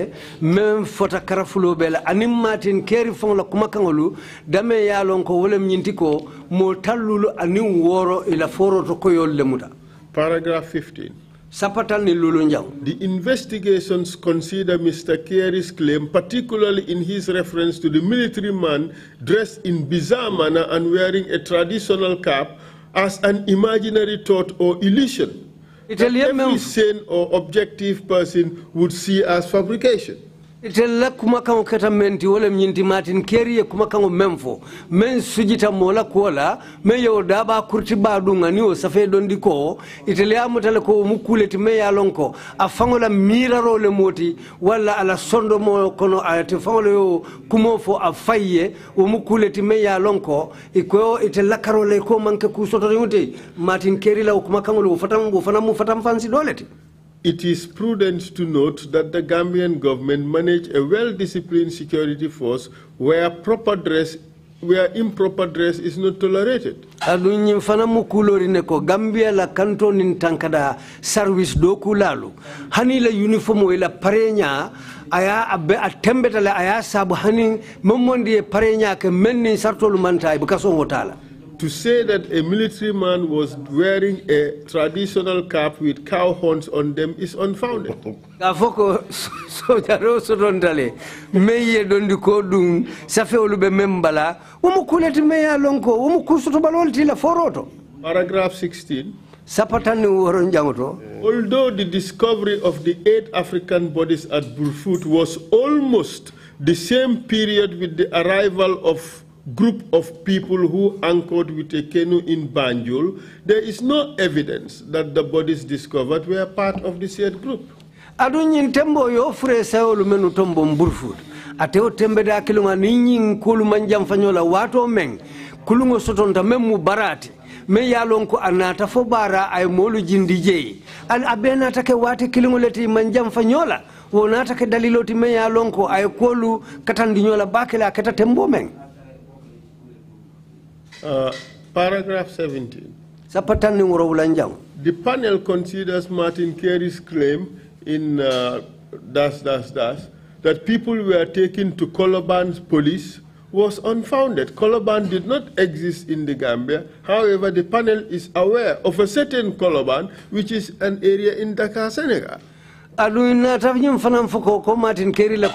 meŋ fota karafulo bela anim aniŋ matin keeri faŋo la kumakaŋolu dame ye a loŋ ko wo lem ñinti ko moo tallulu aniŋ wooro i la fooro to koyolu le muta 15 the investigations consider Mr. Kerry's claim, particularly in his reference to the military man dressed in bizarre manner and wearing a traditional cap, as an imaginary thought or illusion Italian that every sane or objective person would see as fabrication. itella kumakaŋo keta meŋ ti wo lem ñinti maatin keeri ye kumakaŋo meŋ fo meŋ sujita moo la kuwo la meŋ ye wo daabaa kuriti baa duŋa ani wo safee dondi ko itele ye a le ko wo mu kuu le ti meŋ ye a loŋ ko a faŋo la miiraroo le moo ti walla a la sondomoo kono ate te faŋo le yo kumoo fo a fay ye wo mu kuu ti meŋ ye a loŋ ko i ko ite lakaroo la i ko maŋ ke kuu sotoriŋo ti maatin keeri la wo kumakaŋo le wo fanaŋ mu fansi doo le ti it is prudent to note that the Gambian government managed a well-disciplined security force where proper dress where improper dress is not tolerated. Adunyim fana mukulori neko Gambia la kanto nintankada service doku lalu. Hani la uniform ila parenya aya abe atembeta la aya sabu hani mamondi parenya ke menni sartolu mantai bukaso ngotala to say that a military man was wearing a traditional cap with cow horns on them is unfounded. Paragraph ye foroto 16 sapatani although the discovery of the eight african bodies at burfoot was almost the same period with the arrival of group of people who anchored with a canoe in Banjul, there is no evidence that the bodies discovered were part of the said group. aɗum tembo yo fure sawolu menu tombo mburfuɗo atewo tembede hakkiluma ni ñin kolu man jamfañola wato men kulugo sotonta men mu barate men yalon ko fo bara ay molu jindi jeeyi an abe natake wate kiligoleti man jamfañola Wona natake daliloti men yalon ko ay kolu katandiñola bakila keta tembo men Uh, paragraph 17. The panel considers Martin Kerry's claim in uh, dash, dash, dash, that people were taken to Coloban's police was unfounded. Coloban did not exist in the Gambia. However, the panel is aware of a certain Coloban, which is an area in Dakar, Senegal foko ko la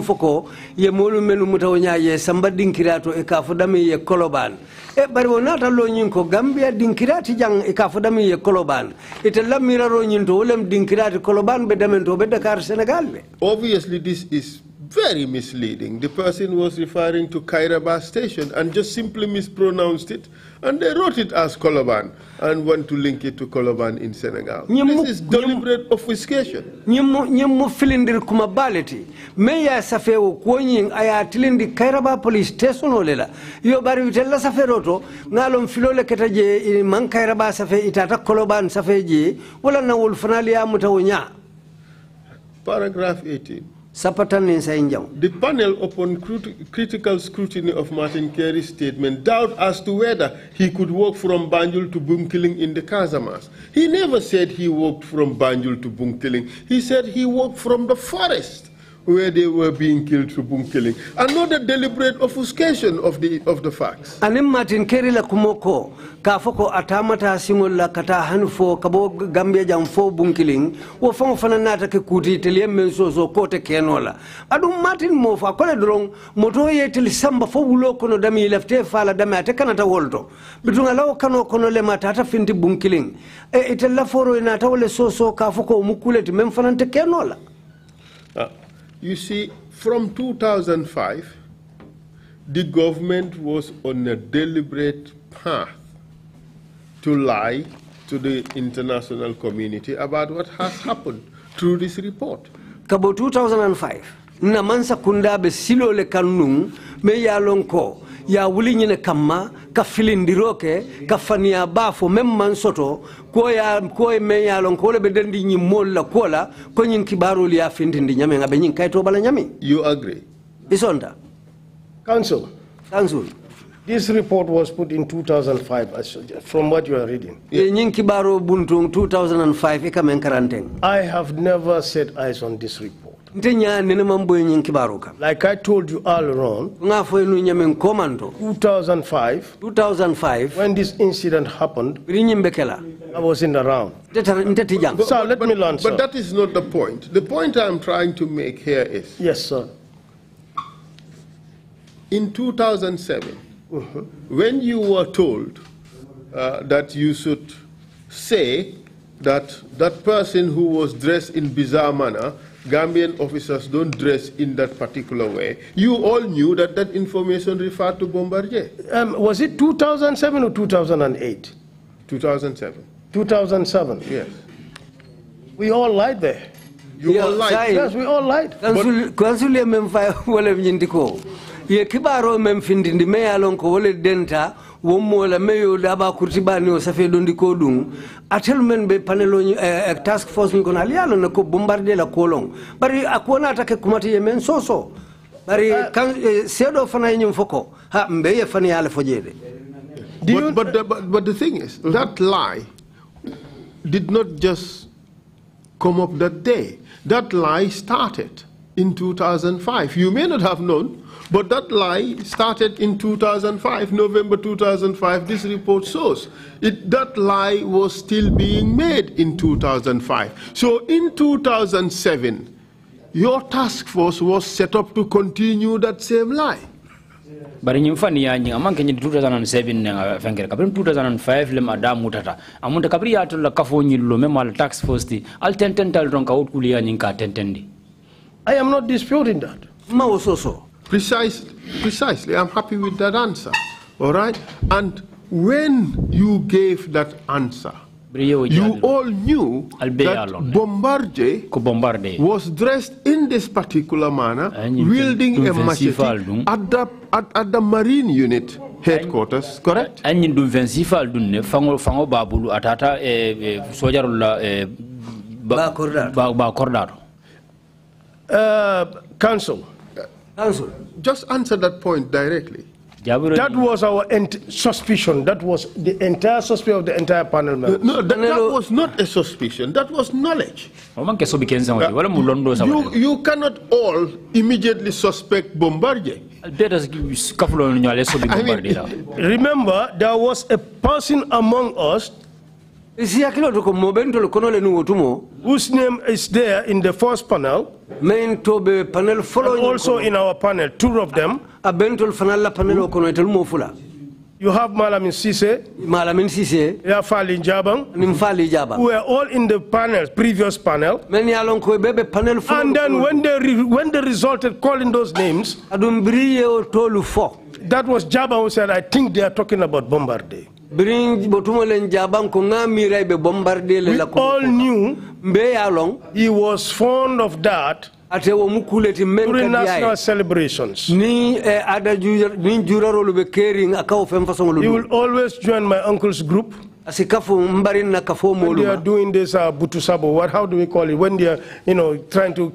foko ye melu samba dinkirato e dami ye koloban e bari ko gambia dinkirati jang e dami ye koloban ite to dinkirati koloban dakar sénégal obviously this is very misleading the person was referring to kairaba station and just simply mispronounced it And they wrote it as Coloban and want to link it to Coloban in Senegal. This is deliberate obfuscation. Nyemu nyemu filindir kuma baleti. Me ya safewo kuonyin ayatilindi Kairaba police station olela. Yo bari vitella roto ngalom filole ketaje man Kairaba safe itata Coloban safe je wala na wolfanali ya mutawonya. Paragraph 18. The panel, upon crit critical scrutiny of Martin Kerry's statement, doubt as to whether he could walk from Banjul to Bunkiling in the Casamas. He never said he walked from Banjul to Bunkiling. He said he walked from the forest. where they were being killed through boom killing, and not the deliberate obfuscation of the, of the facts. Anim Martin Kerry la kumoko, kafoko atamata singol la kata hanfo kabo Gambia jamfo boom killing, wafango fananata kikuti telie mensozo kote kenola. Adum Martin mofa kole drong, moto ye tili samba fo wulo kono dami lefte fala dami ate kanata wolto. Bitunga lao kano kono le matata finti boom killing. E, la foro inata wole soso kafoko umukule timemfanante kenola. You see, from 2005, the government was on a deliberate path to lie to the international community about what has happened through this report. Kabo 2005, na mansa kunda be silo le kanung me ya lonko ya wuli nyine kama ka filindiroke ka fania bafo mem mansoto koya koye meñalon ko wole ɓe dendi ñin moolu la kuo la ko ñin kibarolu ya fintindi ñamen aɓe ñin kayto bala ñami you agree isonta council council This report was put in 2005, as, from what you are reading. ye 2005 e kamen I have never set eyes on this report. Like I told you earlier on, 2005, 2005 when this incident happened, I was in the round. But, but, sir, let me learn, But that is not the point. The point I'm trying to make here is... Yes, sir. In 2007, uh -huh. when you were told uh, that you should say that that person who was dressed in bizarre manner Gambian officers don't dress in that particular way. You all knew that that information referred to Bombardier. Um, was it 2007 or 2008? 2007. 2007? Yes. We all lied there. You yeah, all lied? yes, we all lied. Consul, wommola meyo daba kurti bani o safe dondi ko ɗum atelu men ɓe paneloñi eh, eh, task force ni kono aliyalo ne ko bombarde la kolon bari a konata ke kumataye men soso bari uh, kan eh, seeɗo fana e ha mbe ye fana yaala but, but, the, but, but the thing is mm. that lie did not just come up that day that lie started in 2005 you may not have known but that lie started in 2005, November 2005, this report shows. It, that lie was still being made in 2005. So in 2007, your task force was set up to continue that same lie. bari ñim fan ya ñinga manke ñi 2007 ne nga uh, fenkere kabrim 2005 lema da mutata amunta kabri ya tola kafo ñi lo même al tax force ti al tentental don ka wut kuliya ñinga tentendi i am not disputing that ma so Precisely, precisely. I'm happy with that answer. All right? And when you gave that answer, you all knew that Bombardier was dressed in this particular manner, wielding a machete at the, at, at the Marine unit headquarters, correct? And you vincifal dunne fango fango babulu atata e eh, eh, sojarulla e eh, ba Ba uh, Council, Council. Just answer that point directly. That was our suspicion. That was the entire suspicion of the entire panel members. No, that, that, was not a suspicion. That was knowledge. Uh, you, you cannot all immediately suspect Bombardier. I mean, remember, there was a person among us whose name is there in the first panel, and also in our panel, two of them. You have Malamin Sise, Malamin Sise, you have Falin Jabang, Nimfali Jabang, who are all in the panel, previous panel. And then when they, when they resulted calling those names, that was Jabang who said, I think they are talking about Bombardier bring botuma len jaban ko all knew mbe he was fond of that atewo mukuleti national celebrations ni eh, ada ni juraro lobe caring akaw fem fason you will always join my uncle's group Asikafu when they are doing this uh, butusabo, what how do we call it? When they are, you know, trying to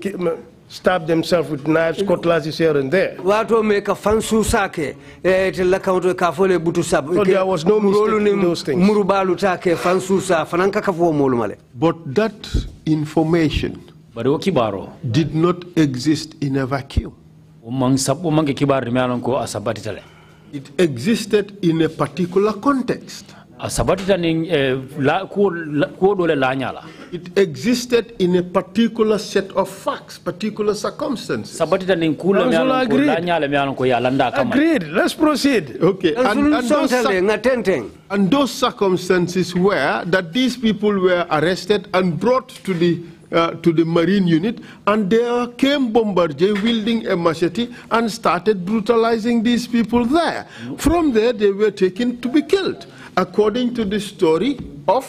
stab themselves with knives, cutlasses here and there. Watu wameweka fansu sake tela kaunto kafole butu sabu. So there was no mistake in those things. Murubalu take fansu sa fananka kafuo molumale. But that information did not exist in a vacuum. Umang sabu asabati It existed in a particular context a ni eh, ko dole lanyala it existed in a particular set of facts particular circumstances sabatita ni kula lanyala mi ko ya landa kama agreed let's proceed okay and, and, those, and those circumstances were that these people were arrested and brought to the uh, to the Marine unit, and there came Bombardier wielding a machete and started brutalizing these people there. From there, they were taken to be killed according to the story of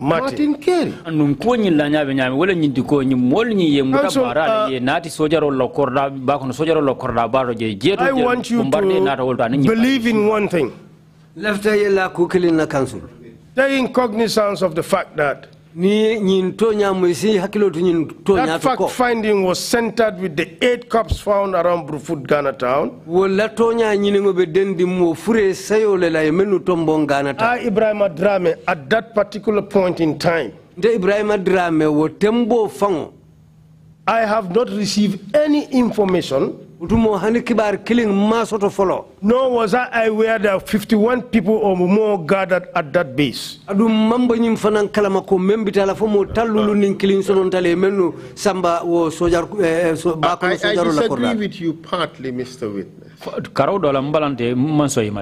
Martin, Martin Kerry. Num ko nyi la nyaabe nyaabe wala nyi diko nyi mol nyi ye muta bara ye nati sojaro lo korda ba ko sojaro lo korda baro je jeto I want you to believe in one thing. Left ye la ku kilin la council. Taking cognizance of the fact that that fact finding was centered with the eight cups found around Brufut, Ghana town. Ah, Ibrahim Adrame, at that particular point in time, I have not received any information utumo hani kibar killing masoto follow no was i aware 51 people or more gathered at that base adu nyim fanan nin killing sonon tale samba wo sojar eh, eh, so sojar la korda i disagree with you partly mr witness karaw do la mbalante man soyi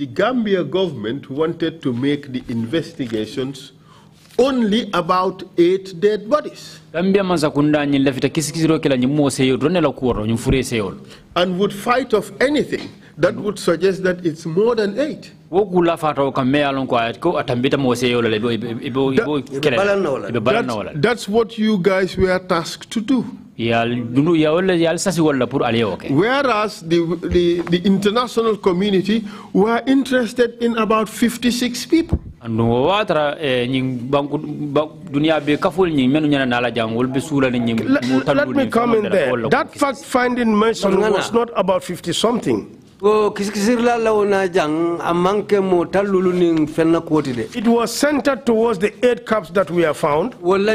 the gambia government wanted to make the investigations only about eight dead bodies. And would fight off anything that would suggest that it's more than eight. That, that's what you guys were tasked to do. Whereas the, the, the international community were interested in about 56 people. andungo watara e eh, ñing banku dunia be kaful ñing menu ñana nala jangol be sula ni mu talu let that fact finding mission was not about 50 something It was centered towards the eight cups that we have found, which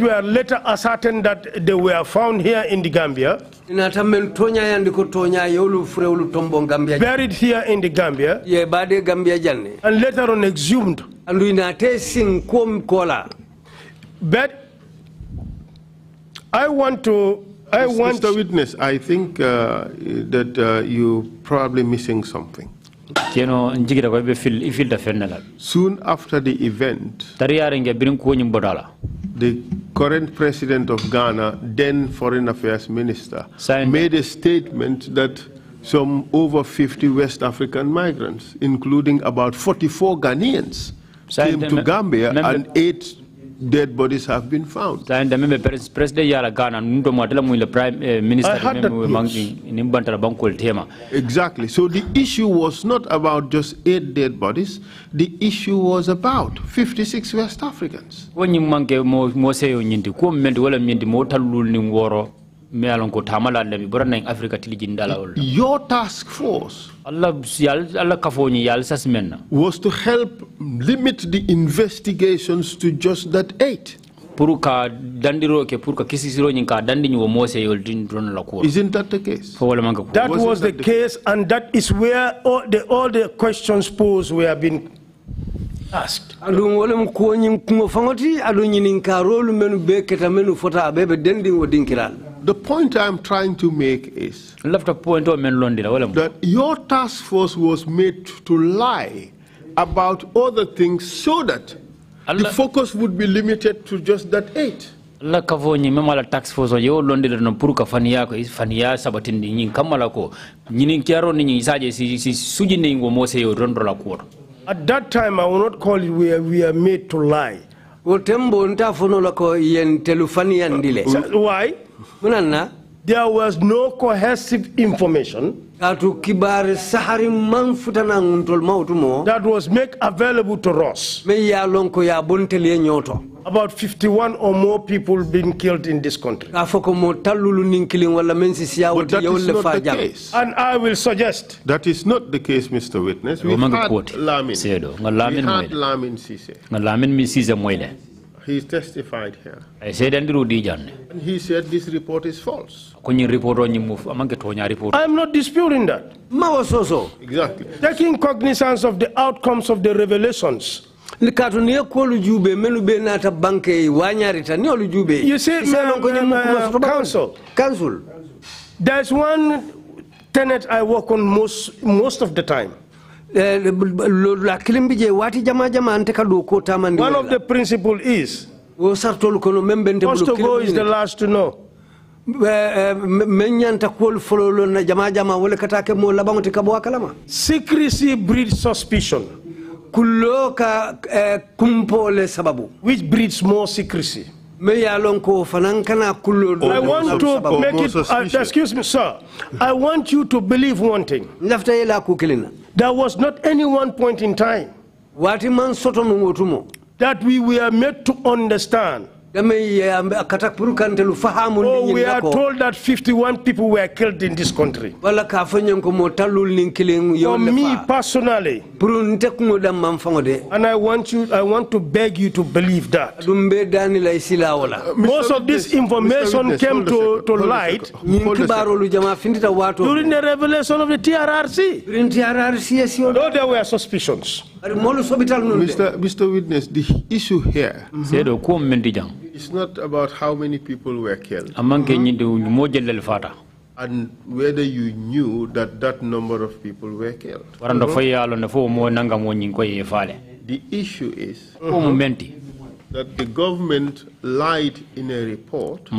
were later ascertained that they were found here in the Gambia. Buried here in the Gambia, and later on exhumed. and But I want to I want a witness. I think uh, that uh, you're probably missing something. Soon after the event, the current president of Ghana, then foreign affairs minister, made a statement that some over 50 West African migrants, including about 44 Ghanaians, came to Gambia and ate dead bodies have been found. Eh, I had that news. Exactly. So the issue was not about just eight dead bodies. The issue was about 56 West Africans mi alon ko tamala le mi buran en africa tilijin dala wol your task force allah yal allah kafo ni yal sas men was to help limit the investigations to just that eight pour ka dandiro ke pour ka kisisiro nyin ka ni wo mose yol din don la ko isn't that the case fo wala manga ko that was the case and that is where all the all the questions posed were been asked alum wala ko nyin ko fangoti ka rolu menu be keta men fota be be dandin wo dinkiral the point I'm trying to make is that your task force was made to lie about other things so that the focus would be limited to just that eight. la kafo ñi même tax force yo londe no pour ka faniya ko faniya sabatindi ñi kamala ko ñinin kiaro ni ñi saje si si suji sujinde ngo mose yo rondo la ko at that time i will not call it we are, we are made to lie wo tembo nta fono la ko yen telufani yandile why there was no cohesive information that was made available to us. About 51 or more people being killed in this country. But that is not the case. And I will suggest. That is not the case, Mr. Witness. We had Lamin. We had Lamin Sise. He's testified here. said And he said this report is false. I'm not disputing that. Exactly. Taking cognizance of the outcomes of the revelations. You see, council, council. There's one tenet I work on most most of the time. Eh, lakilimbi je wati jama jama ante ka ko tamandi one of the principle is o sartol kono mem bente first to go is the last to know ñanta eh, eh, kuwol na jama jama wala kata ke mo labaŋote kalama secrecy breeds suspicion kullo kumpole sababu which breeds more secrecy me lon ko fanan kana kullo i want to make it uh, excuse me sir i want you to believe one thing ku There was not any one point in time that we were made to understand Oh, we are told that 51 people were killed in this country. For me personally, and I want you, I want to beg you to believe that. Uh, Most of this information came to, to light during the revelation of the TRRC. Though there were suspicions. Mr. Mr. Witness, the issue here mm -hmm. is not about how many people were killed. Mm -hmm. And whether you knew that that number of people were killed. Mm -hmm. The issue is mm -hmm. that the government lied in a report.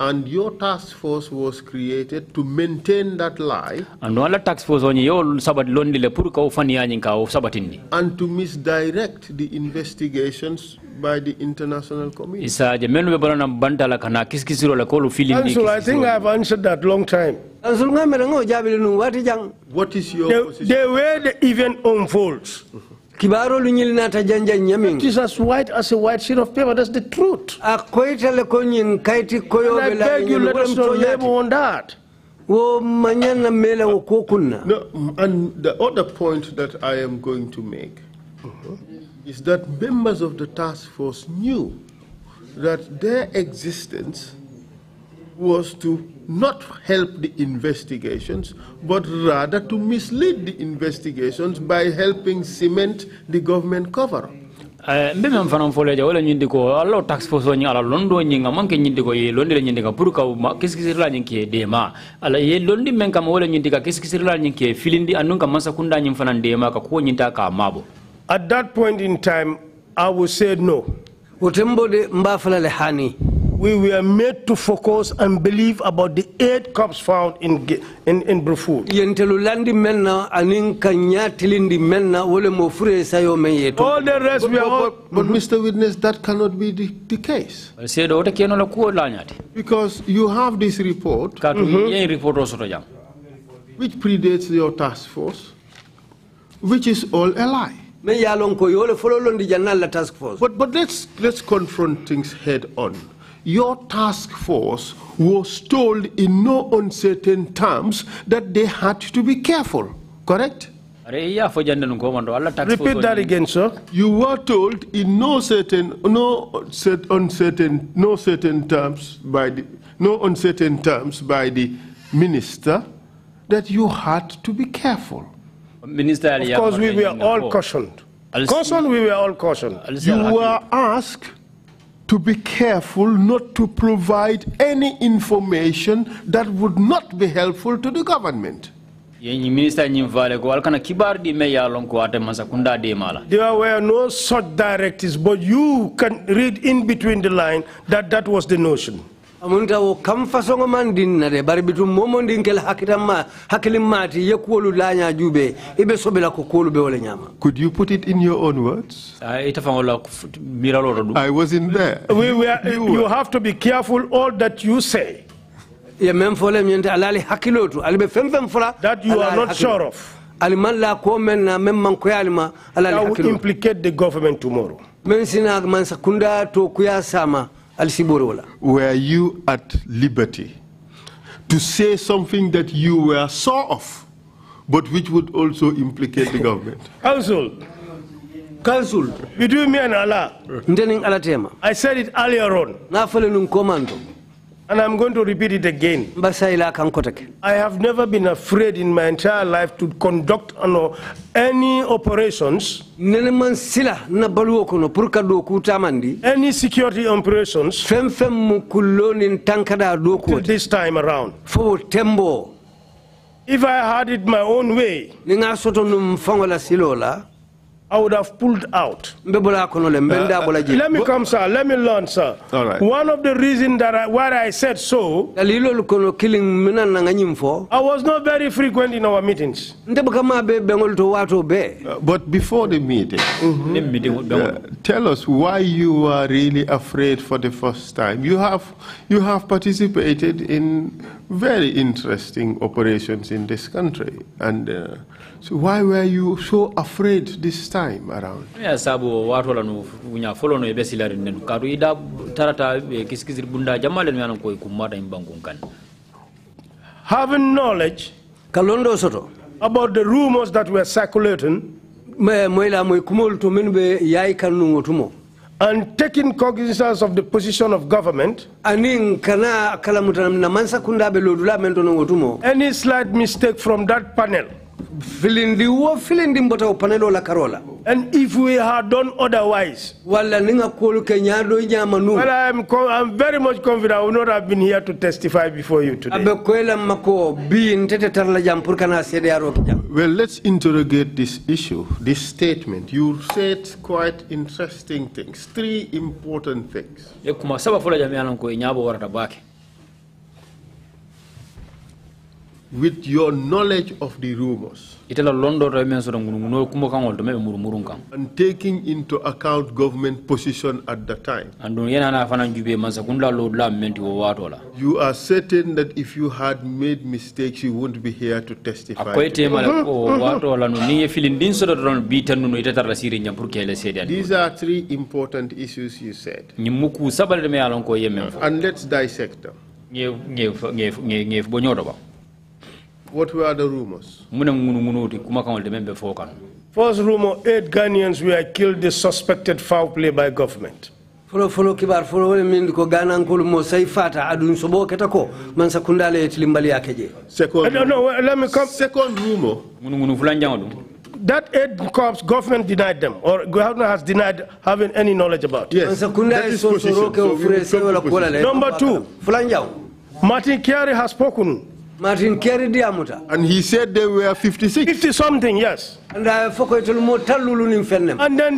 And your task force was created to maintain that lie. And wala task force onye yo sabat londi le pur ka ufani yanyi ka usabatindi. And to misdirect the investigations by the international community. Isa menu bebara na banta la kana kiskisiro la kolu feeling. And so I think I've answered that long time. And so nga merengo jabili nungwati What is your position? The way the event unfolds. Mm -hmm. kibarolu ñil janja ñamin it is as white as a white sheet of paper that's the truth a beg you let us on that wo mele no, and the other point that i am going to make is that members of the task force knew that their existence was to not help the investigations, but rather to mislead the investigations by helping cement the government cover up. Eh, wala ñindi ko allah tax force ñi ala londo ñi manke ñindi ko londi le ka pour ka kis kisir la ala ye londi men kam wala ñindi ka kis kisir filindi andun ka masa kunda fanan dema ka ko ñinta ka mabo at that point in time i would say no wotembo de mba fala le hani we were made to focus and believe about the eight cups found in, in, in Brufut. All the rest we are all... But, Mr. Witness, that cannot be the, the case. Because you have this report, mm -hmm. which predates your task force, which is all a lie. But, but let's, let's confront things head on your task force was told in no uncertain terms that they had to be careful, correct? Repeat that again, sir. You were told in no certain, no set, uncertain, no certain terms by the, no uncertain terms by the minister that you had to be careful. Minister, of course, we were all cautioned. Cautioned, we were all cautioned. You were asked to be careful not to provide any information that would not be helpful to the government. There were no such directives, but you can read in between the line that that was the notion. amunta wo kam façon man dinna de bari bitum momo din kel hakitamma hakilimati yekuwolu laña juube ibe sobila ko kolu be wala ñama could you put it in your own words ah, ita fangola miraloro dum i was in there we were, you have to be careful all that you say ye men fole ñente alali hakkilotu alibe fem fem fula that you are not sure of ali man la ko men na men man ko koyalima alali hakkilotu implicate the government tomorrow men sina man sakunda to kuya sama Were you at liberty to say something that you were sore of, but which would also implicate the government? Council, Council, between me and Allah, I said it earlier on. And I'm going to repeat it again. I have never been afraid in my entire life to conduct any operations, any security operations, this time around. If I had it my own way, I would have pulled out. Uh, let me come, sir. Let me learn, sir. All right. One of the reasons that I, why I said so, I was not very frequent in our meetings. Uh, but before the meeting, mhm. uh, tell us why you were really afraid for the first time. You have, you have participated in very interesting operations in this country. And... Uh, So why were you so afraid this time around? Ya sabu watu wala nu unya follow no ebesi la nenu. karu ida tarata e, kiskizir bunda jamale nyanan koi kumata imbangu kan. Having knowledge kalondo soto about the rumors that were circulating me moila moy kumol to minbe yai kanu ngotumo and taking cognizance of the position of government anin kana kala mutanam na mansa kunda be lodula men ngotumo any slight mistake from that panel filindi filindi mbota upanelo la karola and if we had done otherwise wala ninga kolu kenya do nyama nu well i'm i'm very much confident i would not have been here to testify before you today abe koela mako bi ntete tarla jam pour kana sede yaro jam well let's interrogate this issue this statement you said quite interesting things three important things e kuma saba fola jam yanan ko nyaabo warata bake with your knowledge of the rumors itela londo men soro ngunu no kumo kan wol to me murmurun kan and taking into account government position at the time andun yana na fana jube masa kun la lo la menti wo wato la you are certain that if you had made mistakes you wouldn't be here to testify akoy te mala ko wato la no ni filin din soro don bitan no itata la siri nyam pour kele sedi these are three important issues you said nyimuku sabal de me alon ko yemen and let's dissect them ngef ngef ngef ngef bo nyodo ba What were the rumors? First rumor, eight Ghanaians were killed this suspected foul play by government. folo folo kibar folo wole min ko ganankol mo say fata adun sobo keta ko man sa kundale e tilimbali yake je second eh, no, no, let me come second rumor munu munu fulan jango dum that aid corps government denied them or government has denied having any knowledge about. Yes, that is position. So number two, Martin Kiari has spoken Martin Kerry Diamuta. And he said they were 56. 50 something, yes. Uh, and then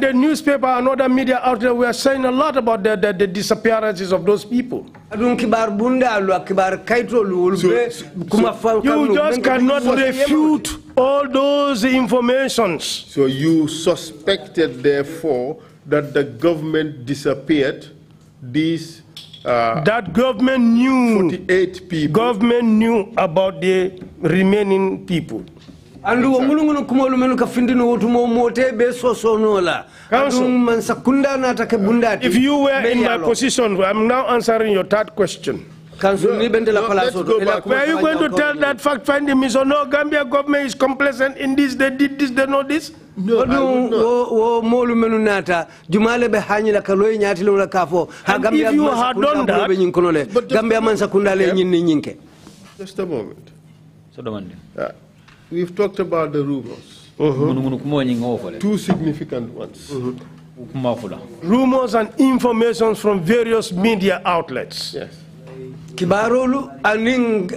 the newspaper and other media out there were saying a lot about the, the, the disappearances of those people. So, so, you just cannot refute all those informations. So you suspected, therefore, that the government disappeared these Uh, that government knew 48 people. government knew about the remaining people andu wo mulu ngono kumolu menu ka findino wotu mo mote be no la andu man sakunda nata ke bundati if you were in my position i'm now answering your third question Council no, no, let's go back. are you going to tell that fact-finding me? So No, Gambia government is complacent in this. They did this. They know this. No, wo molu menu nata jumale be hanyila kaloy nyati lo kafo ha gambia if you had done that be nyinko le gambia man sakunda le nyinke just a moment so demande uh, we've talked about the rumors uh -huh. two significant ones uh -huh. rumors and informations from various media outlets yes aning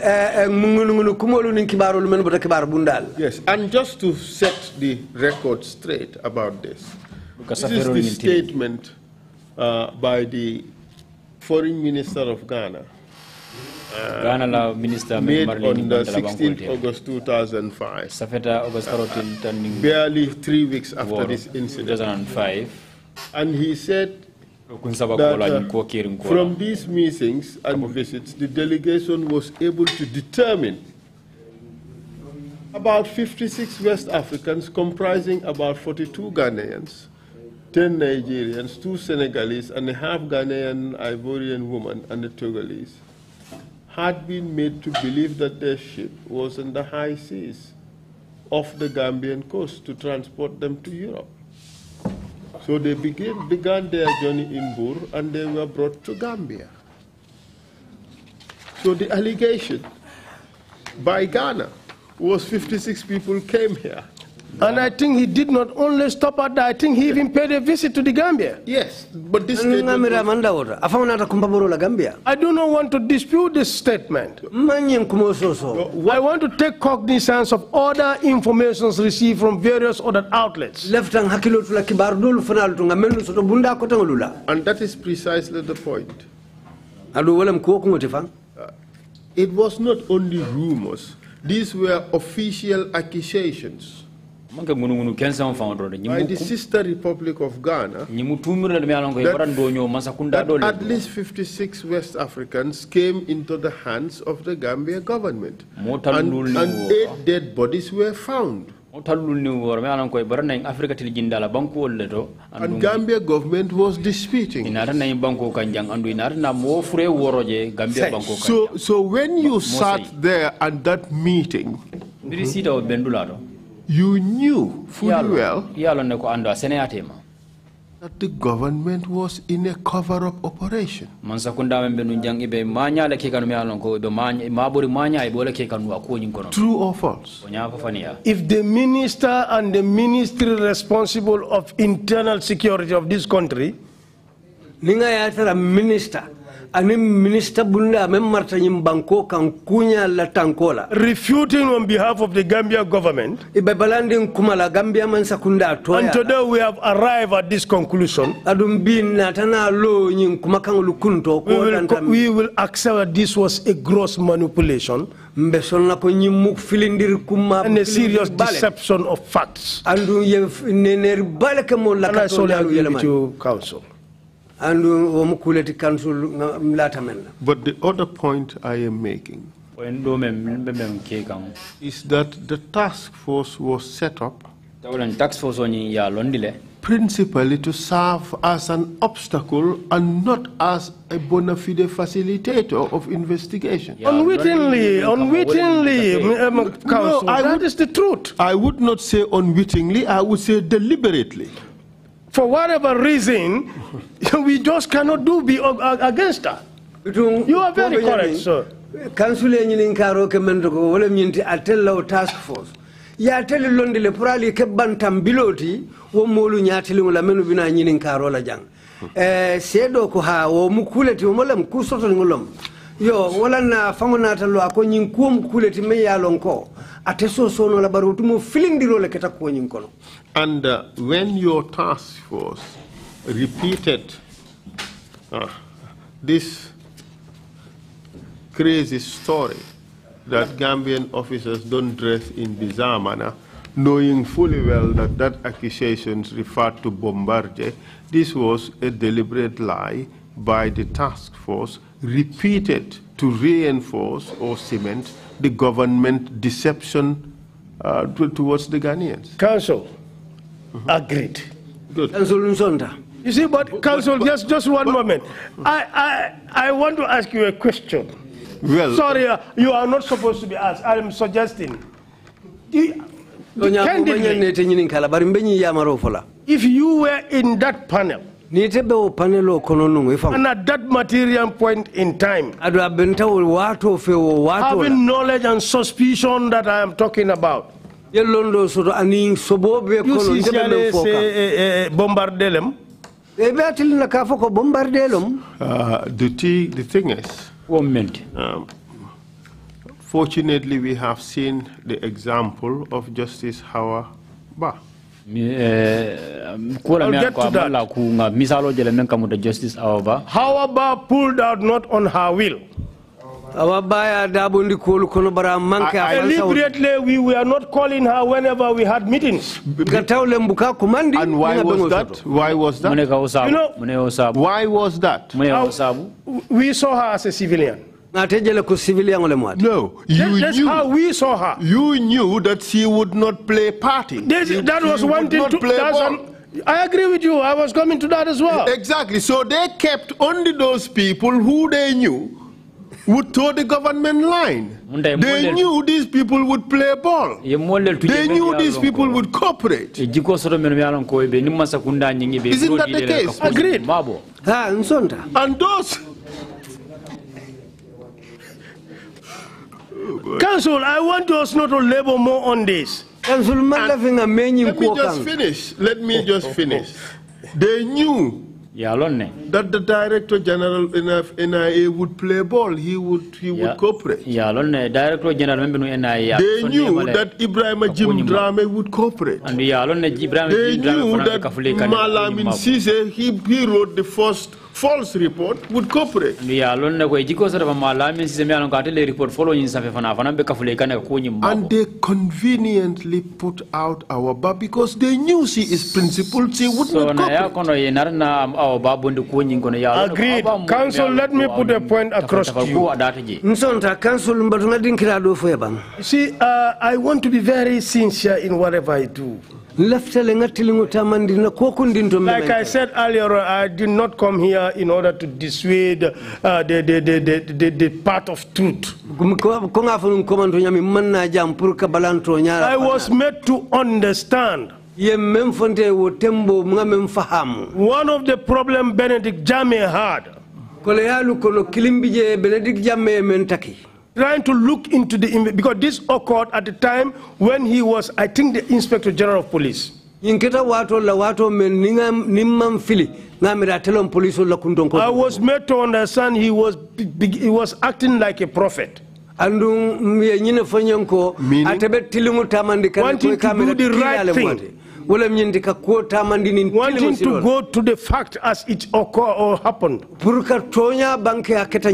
mungulungulu eh, eh, kumolu ning kibar bundal yes and just to set the record straight about this this is the statement uh, by the foreign minister of ghana Ghana's Ghana la minister uh, made on the 16th August 2005, uh, barely three weeks after this incident. 2005, and he said that, uh, from these meetings and visits, the delegation was able to determine about 56 West Africans comprising about 42 Ghanaians, 10 Nigerians, 2 Senegalese, and a half Ghanaian Ivorian woman and a Togolese had been made to believe that their ship was in the high seas off the Gambian coast to transport them to Europe. So they begin, began their journey in Bur and they were brought to Gambia. So the allegation by Ghana was 56 people came here. And I think he did not only stop at that, I think he even paid a visit to the Gambia. Yes, but this statement... I do not want to dispute this statement. I want to take cognizance of other informations received from various other outlets. And that is precisely the point. Uh, it was not only rumors, these were official accusations manke the sister republic of ghana at least 56 west africans came into the hands of the gambia government and, and eight dead bodies were found and Gambia government was disputing. So, so when you sat there at that meeting, mm -hmm you knew fully well that the government was in a cover-up operation. True or false? If the minister and the ministry responsible of internal security of this country, minister anim minister bunda memmarta nyim banko kan kunya la tankola refuting on behalf of the Gambia government ibe balandin kumala Gambia man sakunda toya and today we have arrived at this conclusion adum bin natana lo nyin kuma kan lukunto ko we will accept this was a gross manipulation mbe solna ko ñimmuk filindir kumma and a serious deception of facts andu ye nener balake mo la ka to council but the other point I am making is that the task force was set up principally to serve as an obstacle and not as a bona fide facilitator of investigation. Yeah, unwittingly, unwittingly, eh, eh, no, I would, is the truth. I would not say unwittingly, I would say deliberately. for whatever reason, we just cannot do be against her. You are very correct, sir. Councillor Nyininkaro Kemendoko, wale mnyinti atella task force. Ya ateli londi le purali bantam biloti wo mulu mo mula menu bina Nyininkaro la jang. Hmm. Eh, Sedo kuha, wo mkuleti, wo mole mkusoto ngulom. Yo, wala na fango natalo ako nyinkuo mkuleti sono la baro tumo filindiro le keta ko nyin kono and uh, when your task force repeated uh, this crazy story that Gambian officers don't dress in bizarre manner, knowing fully well that that accusation referred to Bombardier. This was a deliberate lie by the task force, repeated to reinforce or cement the government deception uh, towards the Ghanaians. Council, mm -hmm. agreed. Good. Council Nzonda. You see, but, Council, just, just one moment. I, I, I want to ask you a question. Well, Sorry, uh, you are not supposed to be asked. I am suggesting. The, the candidate, if you were in that panel, and at that material point in time, having knowledge and suspicion that I am talking about, you sincerely say uh, bombardelem. Uh, the, the thing is, um, fortunately we have seen the example of Justice Howard Bah. I'll get justice How about pulled out not on her will? And deliberately, we were not calling her whenever we had meetings. And why was that? Why was that? You know, why was that? How, we saw her as a civilian. No, you that's, that's knew, how we saw her. You knew that she would not play party. This, you, that was one thing. To, that's I agree with you. I was coming to that as well. Exactly. So they kept only those people who they knew would toe the government line. They knew these people would play ball. They knew these people would cooperate. Isn't that the case? Agreed. And those Council, I want us not to labor more on this. Council, let me just finish. Let me just finish. They knew that the director general in NIA would play ball, he would he would cooperate. director general member NIA. They knew that Ibrahim Jim Drame would cooperate. And They knew that Malamin Sise he he wrote the first false report would cooperate ya lonna koy jiko sara ma lamin sise mialon ka tele report folo nyin safe fana fana be kafule kan ka kunyi mbo and they conveniently put out our ba because they knew she is principal she would not cooperate so na ya kono ye narna awa ba bonde kunyi kono ya agreed council let me put a point across to you nsonta council mbatunga dinkira do fo yabam see uh, i want to be very sincere in whatever i do laftale na koko ndinto kundinto like i said earlier uh, i did not come here in order to dissuade uh, the, the, the, the, the, the part of truth ko ŋa fo nuŋ komanto ñami manna jam pour ka balanto ñara i was made to understand yemmen fonte wo tembo ŋa men one of the problem benedict jamme had kolo yaalu kono kilimbije benedict jamme men taki trying to look into the, because this occurred at the time when he was, I think, the Inspector General of Police. I was made to understand he was, he was acting like a prophet. Meaning, wanting to do the right thing wolamñande ka kuwotamandinin wanting to go to the fact as it occur or happened pour ka toña banque a keta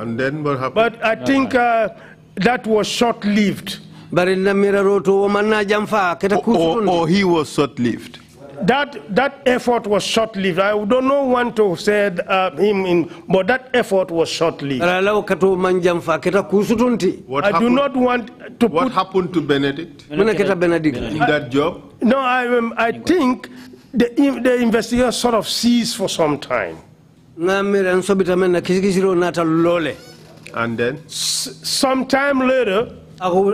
and then what happened but i think uh, that was short lived jam fa keta kusuton or he was short lived that, that effort was short-lived. I don't know want to say uh, him in, but that effort was short-lived. I do not want to What put, happened to Benedict? Benedict? Benedict. In that job? No, I, um, I think the, the investigation sort of ceased for some time. And then? S sometime later, I know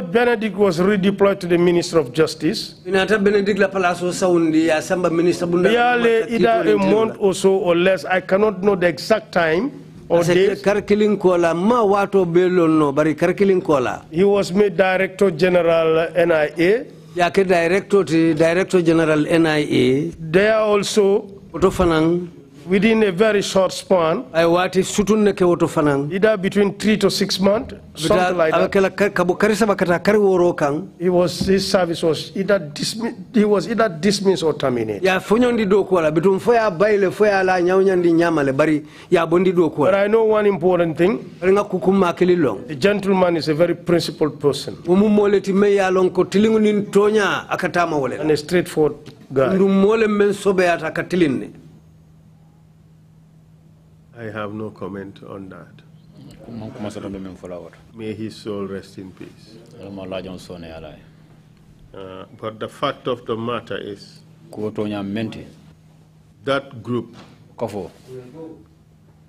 Benedict was redeployed to the Minister of Justice. Nearly either a month or so or less. I cannot know the exact time. Or days. He was made Director General NIA. Director General NIA. There also. within a very short span ne either between three to six months something like that kata he was his service was either dismissed he was either dismissed or terminated ya fonyondi do ko bitum foya foya la nyamale bari ya bondi do ko but i know one important thing nga kukuma a gentleman is a very principled person umu moleti me ya lon ko tilingunin akatama wole and a straightforward guy men sobe ata katilinne I have no comment on that. May his soul rest in peace. Uh, but the fact of the matter is that group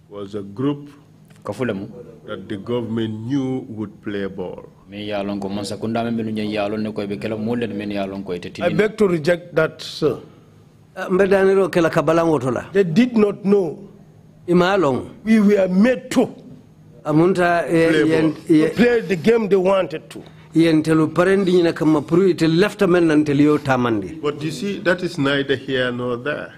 was a group that the government knew would play ball. I beg to reject that, sir. Uh, they did not know Imalong. We were made to amunta eh, play eh, eh, the game they wanted to. Yentelu parendi na kama puru ite But you see, that is neither here nor there.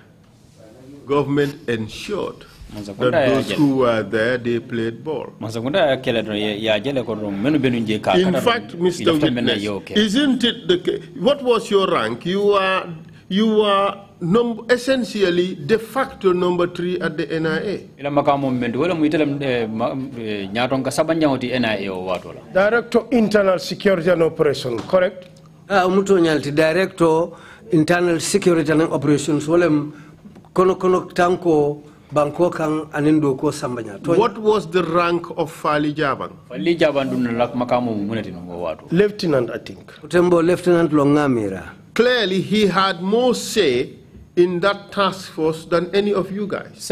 Government ensured that those who were there, they played ball. In fact, Mr. Witness, isn't it the what was your rank? You were you are num essentially de facto number three at the NIA. Ila makamu mmendu eh, eh, wala muitele nyatonga sabanya oti NIA o watu la. Director Internal Security and Operation, correct? Ah, umutu nyalti Director Internal Security and Operations wala kono kono tanko banko kan anin do ko What was the rank of Fali Jaban? Fali Jaban dunna lak makamu munati ngo watu. Lieutenant I think. Utembo Lieutenant Longamira. Clearly, he had more say in that task force than any of you guys.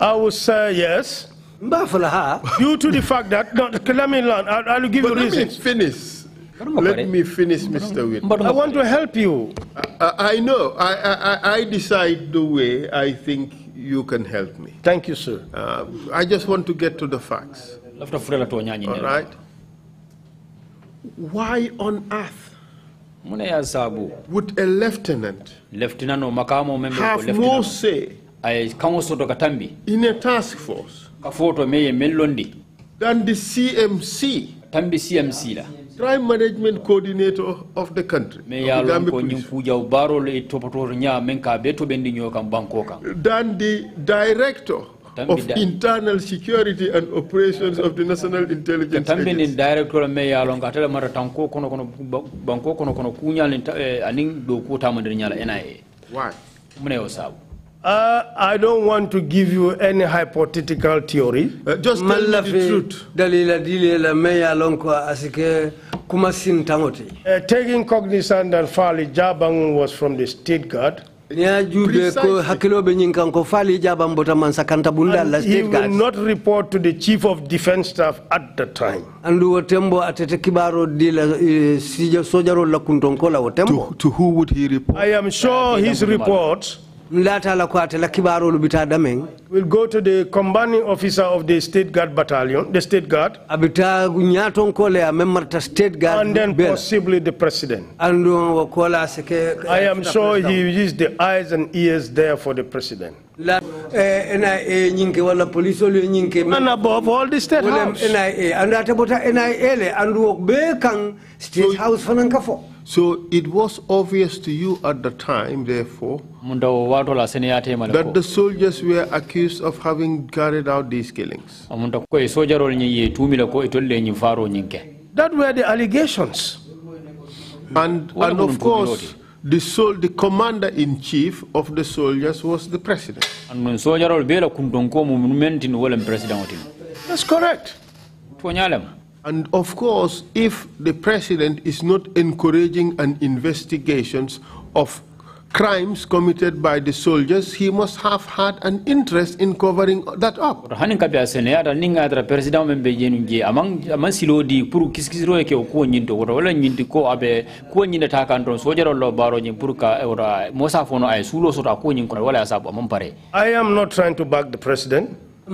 I would say yes. Due to the fact that, no, let me learn. I'll, I'll give but you reasons. finish. Let me finish, Mr. Wynne. I want to help you. I, I know. I, I, I decide the way I think you can help me. Thank you, sir. Uh, I just want to get to the facts. All right? Why on earth would a lieutenant have no say in a task force than the CMC? Tambi CMC crime management coordinator of the country me ya lon ko ñing fujaw barol e topoto nya men ka be to bendi nyo kam banko kam dan di director of internal security and operations of the national intelligence tambi ni director me ya lon ka tele mara tanko kono kono banko kono kono kunyal eh, anin do ko tamande nyala nia why mune yo sabu Uh, I don't want to give you any hypothetical theory. Uh, just tell me the truth. Dalila dilila meya lonko asike kumasin tangote. Uh, taking cognizance that Fali Jabang was from the state guard. Precisely. He will not report to the chief of defense staff at the time. Eh, to, to who would he report? I am sure his report we will go to the commanding officer of the state guard battalion the state guard state guard and then possibly the president and i am sure he used the eyes and ears there for the president eh, And above all the state house ena and atabota ena ele and wo be kan state house fanan kafo so it was obvious to you at the time, therefore, that the soldiers were accused of having carried out these killings. That were the allegations. And, and of course, the, sol- the commander in chief of the soldiers was the president. That's correct. And of course, if the president is not encouraging an investigations of crimes committed by the soldiers, he must have had an interest in covering that up. Hani asene ninga president amang amang silo di puru wala ko abe nyinda baro puru ka eh, ay sulo sota wala I am not trying to back the president. I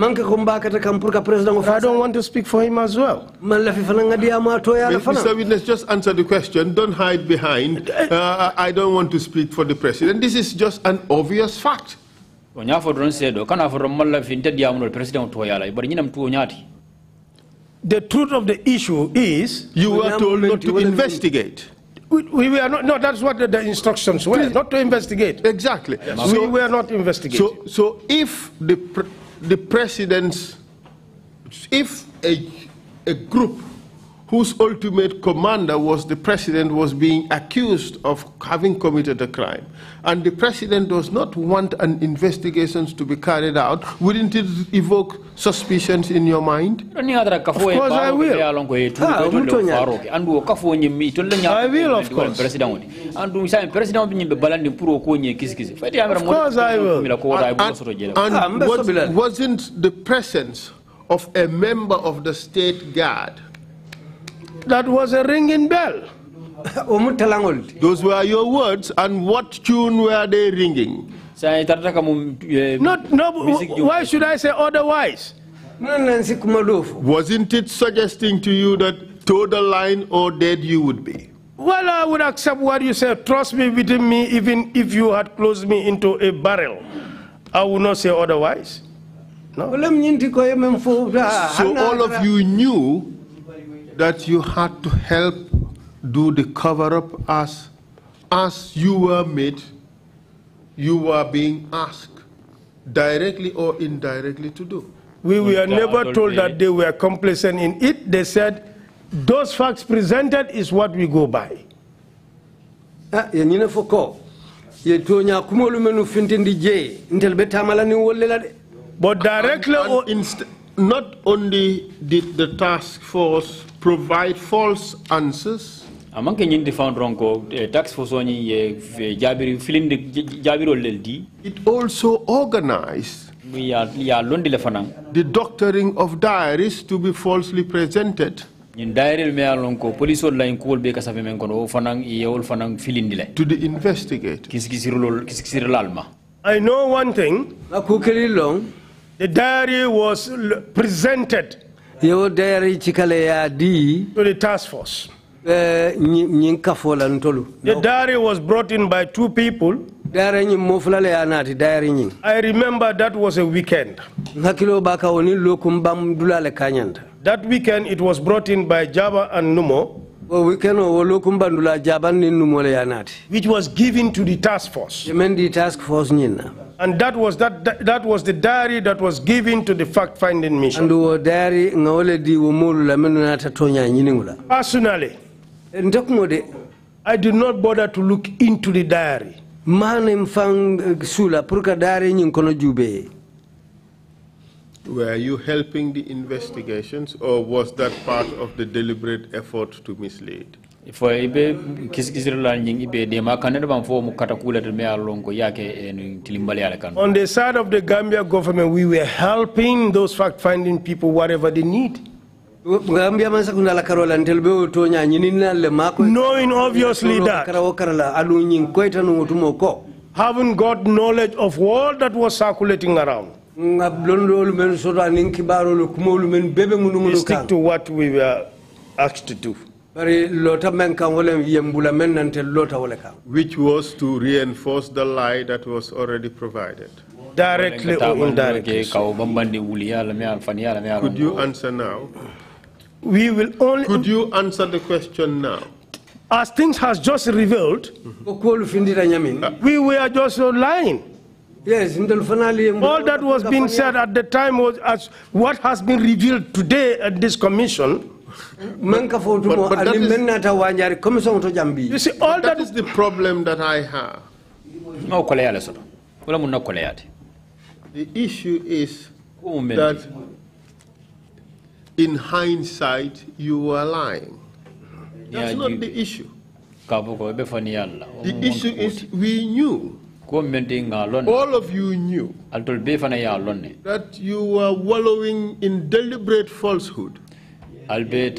don't want to speak for him as well. Mr. Witness, just answer the question. Don't hide behind. Eh, eh. Uh, I don't want to speak for the president. This is just an obvious fact. The truth of the issue is you were told not to investigate. We, we, were not, no, that's what the, the instructions were, not to investigate. Exactly. Yes. So, we were not investigating. So, so if the the president's, if a, a group whose ultimate commander was the president, was being accused of having committed a crime. And the president does not want an investigation to be carried out. Wouldn't it evoke suspicions in your mind? Of course I will. I will, of course. Of course I will. And, and, ah, wasn't the presence of a member of the state guard that was a ringing bell. Those were your words, and what tune were they ringing? Not, no, why should I say otherwise? Wasn't it suggesting to you that toe the line or dead you would be? Well, I would accept what you said. Trust me within me, even if you had closed me into a barrel. I would not say otherwise. No. So all of you knew that you had to help do the cover up as, as you were made, you were being asked directly or indirectly to do. We were never told that they were complicit in it. They said those facts presented is what we go by. Ah, but directly or not only did the task force provide false answers amanke ñin defendron ko oh, eh, tax fo soñi e jabiri filinde jabirol lel di it also organized the doctoring of diaries to be falsely presented police to the investigate i know one thing the diary was presented yewodayari cikaleya di to the task force eh, the diary was brought in by two people. I remember that was a weekend. That weekend it was brought in by Java and Numo. Which was given to the task force. And that was, that, that, that was the diary that was given to the fact-finding mission. And wo diary nga wole di wo la menu na ta tonya nyiningula. Personally, I did not bother to look into the diary. Manem mfang eh, sula purka diary nyin kono jube. Were you helping the investigations or was that part of the deliberate effort to mislead? fo ibe kisikisirla ñing ibe de ma kanene ban fo mu kata kula to me alonko yake en eh, tilimbali ala kan on the side of the gambia government we were helping those fact finding people whatever they need knowing obviously that having got knowledge of all that was circulating around we stick to what we were asked to do which was to reinforce the lie that was already provided. Directly or indirectly. Could you answer now? We will only. Could you answer the question now? As things has just revealed, mm -hmm. we were just lying. Yes, all that was being said at the time was as what has been revealed today at this commission manka ali menna wanjari commission to jambi you see all that is the problem that i have no kole yale soto wala mun nakole yate the issue is that in hindsight you were lying that's yeah, not you, the issue the issue is we knew all of you knew that you were wallowing in deliberate falsehood البيت